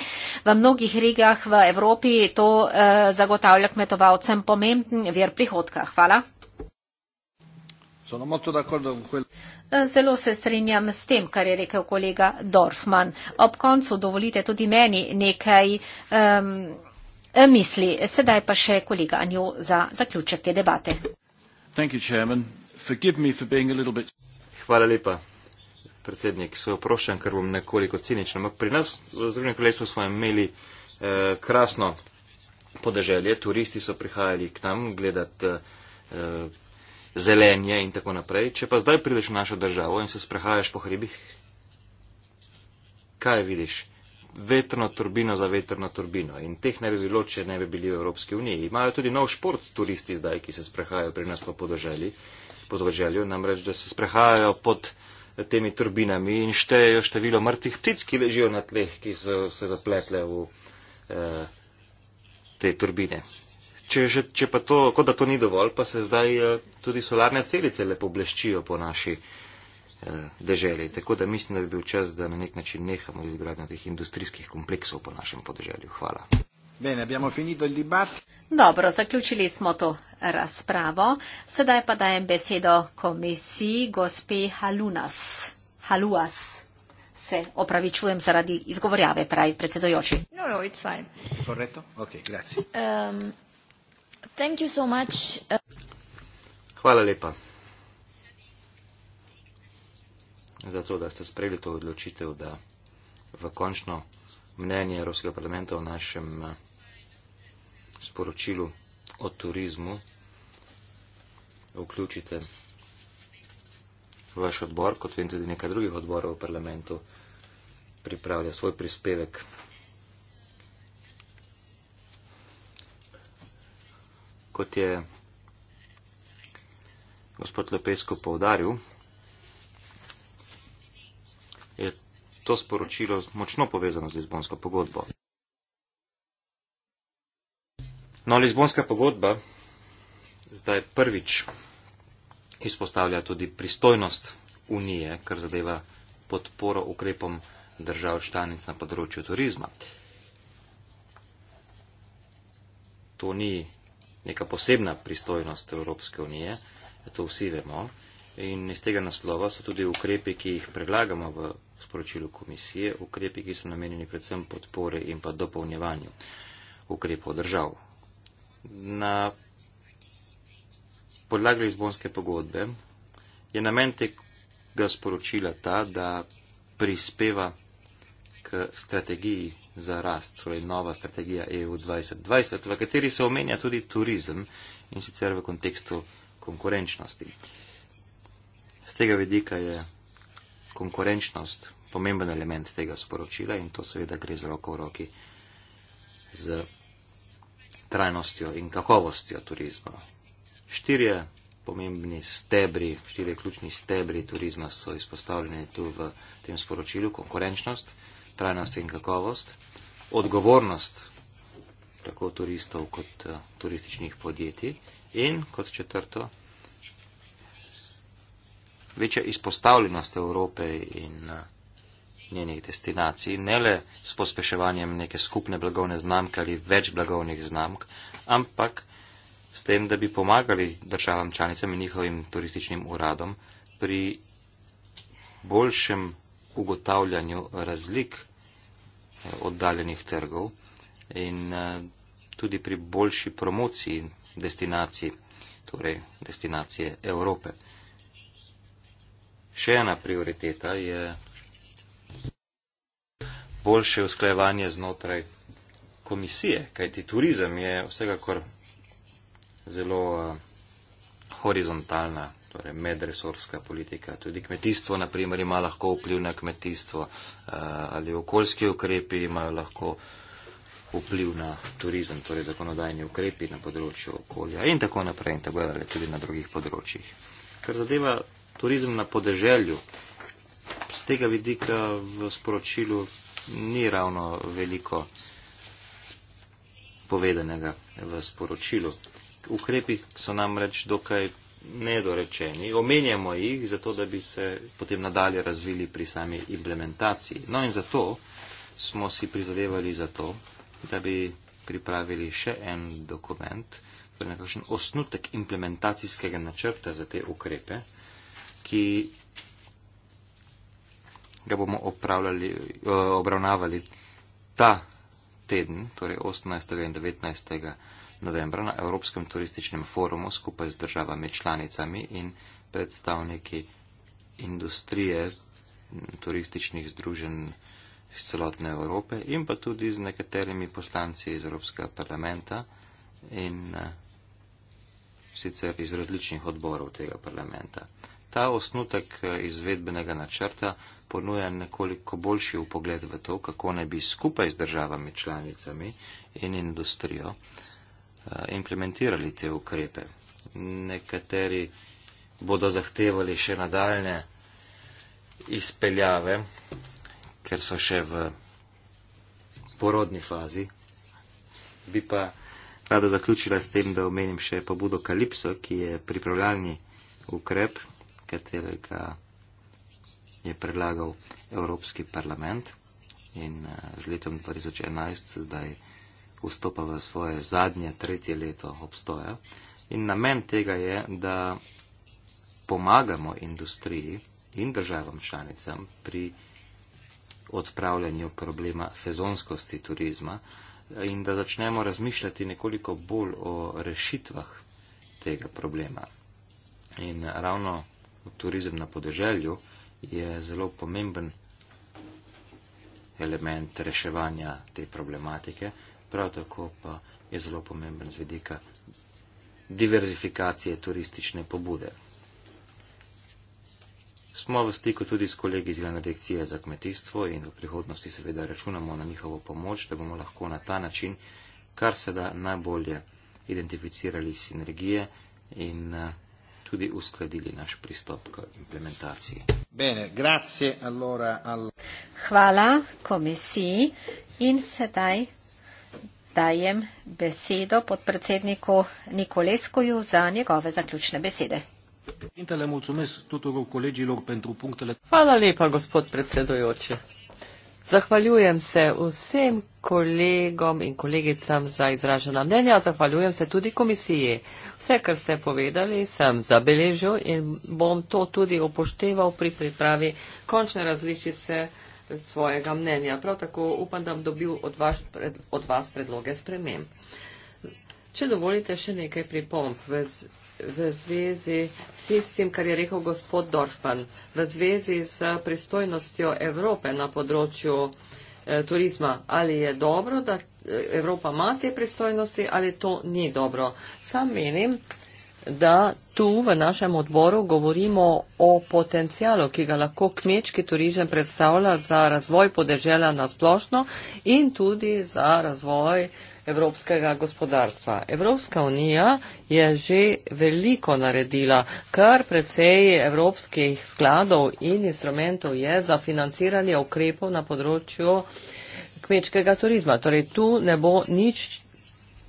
V mnogih regijah v Evropi to eh, zagotavlja kmetovalcem pomemben vir prihodka. Hvala. Sono molto d'accordo con quello. Eh, zelo se strinjam s tem, kar je rekel kolega Dorfman. Ob koncu dovolite tudi meni nekaj um, misli. Sedaj pa še kolega Anjo za zaključek te debate. Hvala lepa, predsednik. Se oprošam, ker bom nekoliko ciničen. Pri nas v Združenem kraljestvu smo imeli eh, krasno podeželje. Turisti so prihajali k nam gledati. Eh, zelenje in tako naprej. Če pa zdaj prideš v našo državo in se sprehajaš po hribih, kaj vidiš? Vetrno turbino za vetrno turbino in teh ne bi bilo, če ne bi bili v Evropski uniji. Imajo tudi nov šport turisti zdaj, ki se sprehajajo pri nas po podoželji, podoželju, namreč, da se sprehajajo pod temi turbinami in štejejo število mrtvih ptic, ki ležijo na tleh, ki so se zapletle v eh, te turbine. Če, že, če pa to, kot da to ni dovolj, pa se zdaj eh, tudi solarne celice lepo bleščijo po naši eh, deželi. Tako da mislim, da bi bil čas, da na nek način nehamo izgradnjo teh industrijskih kompleksov po našem podeželju. Hvala. Bene, abbiamo finito il dibattito. Dobro, zaključili smo to razpravo. Sedaj pa dajem besedo komisiji gospe Halunas. Haluas. Se opravičujem zaradi izgovorjave, pravi predsedojoči. No, no, it's fine. Korretto? Ok, grazie. Um, Hvala lepa za to, da ste sprejeli to odločitev, da v končno mnenje Evropskega parlamenta o našem eh, sporočilu o turizmu vključite vaš odbor, kot vem tudi nekaj drugih odborov v parlamentu pripravlja svoj prispevek. kot je gospod Lepesko povdaril, je to sporočilo močno povezano z Lizbonsko pogodbo. No, Lizbonska pogodba zdaj prvič izpostavlja tudi pristojnost Unije, kar zadeva podporo ukrepom držav članic na področju turizma. To ni neka posebna pristojnost Evropske unije, to vsi vemo. In iz tega naslova so tudi ukrepi, ki jih predlagamo v sporočilu komisije, ukrepi, ki so namenjeni predvsem podpore in pa dopolnjevanju ukrepov držav. Na podlagi Lizbonske pogodbe je namen tega sporočila ta, da prispeva k strategiji za rast, torej nova strategija EU 2020, v kateri se omenja tudi turizem in sicer v kontekstu konkurenčnosti. Z tega vidika je konkurenčnost pomemben element tega sporočila in to seveda gre z roko v roki z trajnostjo in kakovostjo turizma. Štirje pomembni stebri, štirje ključni stebri turizma so izpostavljeni tu v tem sporočilu, konkurenčnost, trajnost in kakovost, odgovornost tako turistov kot eh, turističnih podjetij in kot četrto, večja izpostavljenost Evrope in eh, njenih destinacij, ne le s pospeševanjem neke skupne blagovne znamke ali več blagovnih znamk, ampak s tem, da bi pomagali državam članicam in njihovim turističnim uradom pri boljšem ugotavljanju razlik eh, oddaljenih trgov in eh, tudi pri boljši promociji destinacij, torej destinacije Evrope. Še ena prioriteta je boljše usklajevanje znotraj komisije, kajti turizem je vsekakor zelo eh, horizontalna torej medresorska politika. Tudi kmetijstvo, na primer, ima lahko vpliv na kmetijstvo eh, ali okoljski ukrepi imajo lahko vpliv na turizem, torej zakonodajni ukrepi na področju okolja in tako naprej in tako naprej, tudi na drugih področjih. Kar zadeva turizem na podeželju, z tega vidika v sporočilu ni ravno veliko povedanega v sporočilu. Ukrepi so namreč dokaj nedorečeni, omenjamo jih, zato da bi se potem nadalje razvili pri sami implementaciji. No in zato smo si prizadevali za to, da bi pripravili še en dokument, torej nekakšen osnutek implementacijskega načrta za te ukrepe, ki ga bomo eh, obravnavali ta teden, torej 18. in 19 novembra na Evropskem turističnem forumu skupaj z državami članicami in predstavniki industrije turističnih združen iz celotne Evrope in pa tudi z nekaterimi poslanci iz Evropskega parlamenta in eh, sicer iz različnih odborov tega parlamenta. Ta osnutek eh, izvedbenega načrta ponuja nekoliko boljši upogled v to, kako ne bi skupaj z državami članicami in industrijo implementirali te ukrepe. Nekateri bodo zahtevali še nadaljne izpeljave, ker so še v porodni fazi. Bi pa rada zaključila s tem, da omenim še pobudo Kalipso, ki je pripravljalni ukrep, katerega je predlagal Evropski parlament in z letom 2011 zdaj vstopa v svoje zadnje, tretje leto obstoja. In namen tega je, da pomagamo industriji in državam članicam pri odpravljanju problema sezonskosti turizma in da začnemo razmišljati nekoliko bolj o rešitvah tega problema. In ravno turizem na podeželju je zelo pomemben element reševanja te problematike prav tako pa je zelo pomemben z vidika diverzifikacije turistične pobude. Smo v stiku tudi s kolegi iz Glavne direkcije za kmetijstvo in v prihodnosti seveda računamo na njihovo pomoč, da bomo lahko na ta način kar se da najbolje identificirali sinergije in eh, tudi uskladili naš pristop k implementaciji. Bene, grazie, allora, all... Hvala komisiji in sedaj dajem besedo podpredsedniku Nikoleskoju za njegove zaključne besede. Hvala lepa, gospod predsedojoči. Zahvaljujem se vsem kolegom in kolegicam za izražena mnenja, zahvaljujem se tudi komisiji. Vse, kar ste povedali, sem zabeležil in bom to tudi upošteval pri pripravi končne različice svojega mnenja. Prav tako upam, da bom dobil od vas, pred, od vas predloge spremem. Če dovolite še nekaj pripomp v, z, v zvezi s tistim, kar je rekel gospod Dorfman, v zvezi s pristojnostjo Evrope na področju eh, turizma, ali je dobro, da eh, Evropa ima te pristojnosti, ali to ni dobro. Sam menim, da tu v našem odboru govorimo o potencijalu, ki ga lahko kmečki turizem predstavlja za razvoj podeželja na splošno in tudi za razvoj evropskega gospodarstva. Evropska unija je že veliko naredila, kar precej evropskih skladov in instrumentov je za financiranje ukrepov na področju kmečkega turizma. Torej tu ne bo nič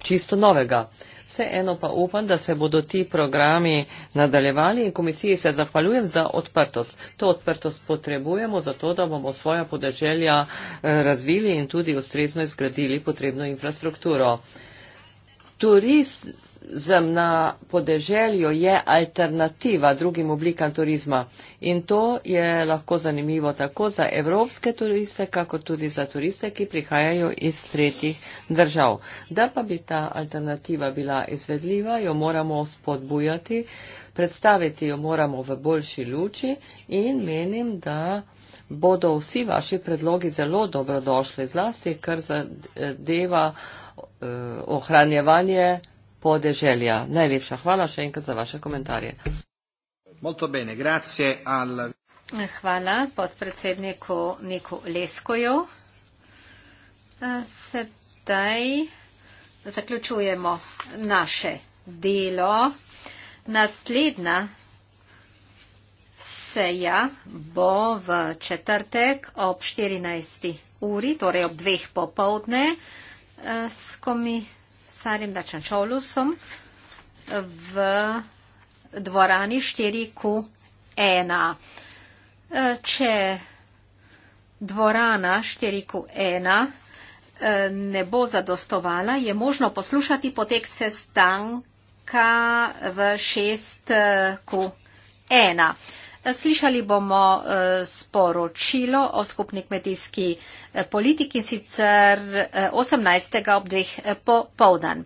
čisto novega. Vseeno pa upam, da se bodo ti programi nadaljevali in komisiji se zahvaljujem za odprtost. To odprtost potrebujemo zato, da bomo svoja podeželja eh, razvili in tudi ustrezno izgradili potrebno infrastrukturo. Turist turizem na podeželju je alternativa drugim oblikam turizma in to je lahko zanimivo tako za evropske turiste, kako tudi za turiste, ki prihajajo iz tretjih držav. Da pa bi ta alternativa bila izvedljiva, jo moramo spodbujati, predstaviti jo moramo v boljši luči in menim, da bodo vsi vaši predlogi zelo dobrodošli, zlasti kar zadeva eh, ohranjevanje podeželja. Najlepša hvala še enkrat za vaše komentarje. Molto bene, grazie al... Hvala podpredsedniku Niku Leskoju. Sedaj zaključujemo naše delo. Naslednja seja bo v četrtek ob 14. uri, torej ob dveh popovdne, s komi carjem Dačančolusom v dvorani 4Q1. E, če dvorana 4Q1 e, ne bo zadostovala, je možno poslušati potek sestanka v 6Q1. Slišali bomo eh, sporočilo o skupni kmetijski eh, politiki in sicer 18. Eh, ob dveh popovdan.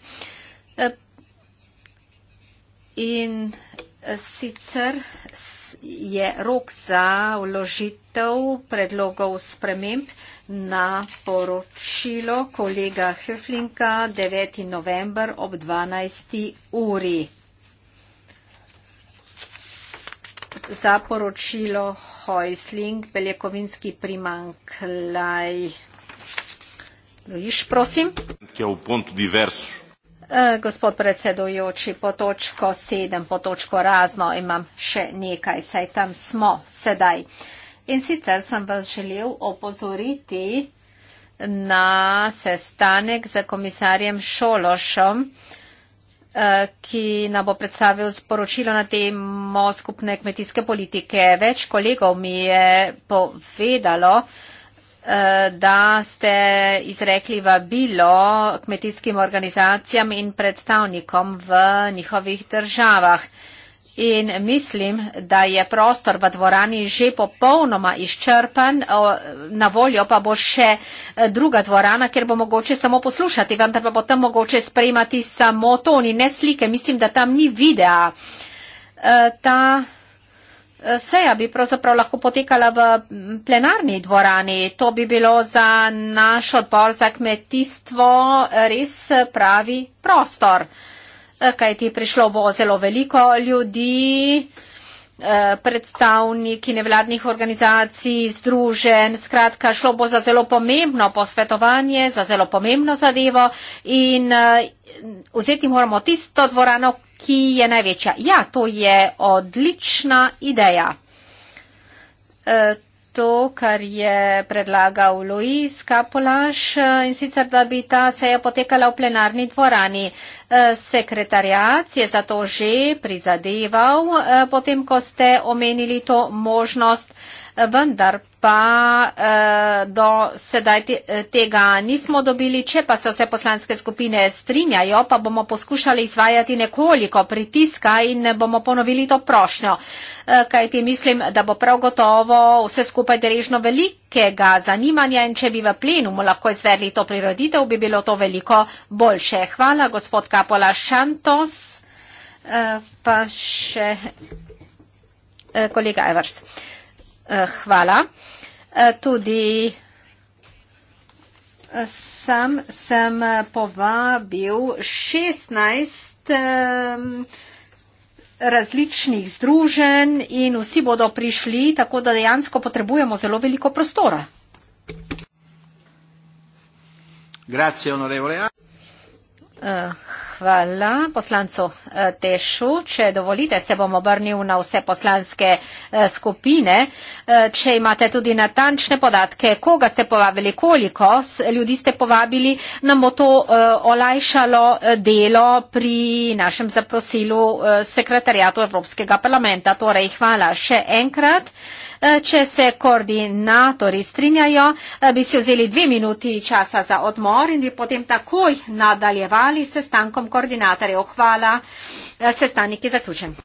In sicer je rok za vložitev predlogov sprememb na poročilo kolega Höflinga 9. november ob 12. uri. za poročilo Hojsling, beljakovinski primanklaj. Iš, prosim. E, gospod predsedujoči, po točko sedem, po točko razno imam še nekaj, saj tam smo sedaj. In sicer sem vas želel opozoriti na sestanek z komisarjem Šološom, uh, ki nam bo predstavil sporočilo na temo skupne kmetijske politike. Več kolegov mi je povedalo, eh, da ste izrekli vabilo kmetijskim organizacijam in predstavnikom v njihovih državah. In mislim, da je prostor v dvorani že popolnoma izčrpan, na voljo pa bo še eh, druga dvorana, ker bo mogoče samo poslušati, vendar pa bo tam mogoče sprejmati samo toni, ne slike. Mislim, da tam ni videa. Eh, ta eh, seja bi pravzaprav lahko potekala v plenarni dvorani. To bi bilo za naš odbor za kmetijstvo res pravi prostor. Eh, kajti prišlo bo zelo veliko ljudi, eh, predstavniki nevladnih organizacij, združen, skratka, šlo bo za zelo pomembno posvetovanje, za zelo pomembno zadevo in eh, vzeti moramo tisto dvorano, ki je največja. Ja, to je odlična ideja to, kar je predlagal Luis Kapolaš eh, in sicer, da bi ta seja potekala v plenarni dvorani. Eh, Sekretarjac je za to že prizadeval, eh, potem ko ste omenili to možnost vendar pa eh, do sedaj eh, tega nismo dobili. Če pa se vse poslanske skupine strinjajo, pa bomo poskušali izvajati nekoliko pritiska in bomo ponovili to prošnjo. Eh, Kaj ti mislim, da bo prav gotovo vse skupaj deležno velikega zanimanja in če bi v plenumu lahko izvedli to priroditev, bi bilo to veliko boljše. Hvala, gospod Kapola Šantos. Pa še kolega Evers. Uh, Eh, hvala. Eh, tudi eh, sam sem povabil 16 različnih združenj in vsi bodo prišli, tako da dejansko potrebujemo zelo veliko prostora. Grazie, onorevole. Eh, hvala poslancu eh, Tešu. Če dovolite, se bom obrnil na vse poslanske eh, skupine. Če imate tudi natančne podatke, koga ste povabili, koliko ljudi ste povabili, nam bo to olajšalo delo pri našem zaprosilu sekretarjatu Evropskega parlamenta. Torej, hvala še enkrat. Eh, če se koordinatori strinjajo, eh, bi si vzeli dve minuti časa za odmor in bi potem takoj nadaljevali s sestankom koordinatorjev. Hvala. Eh, sestanek je zaključen.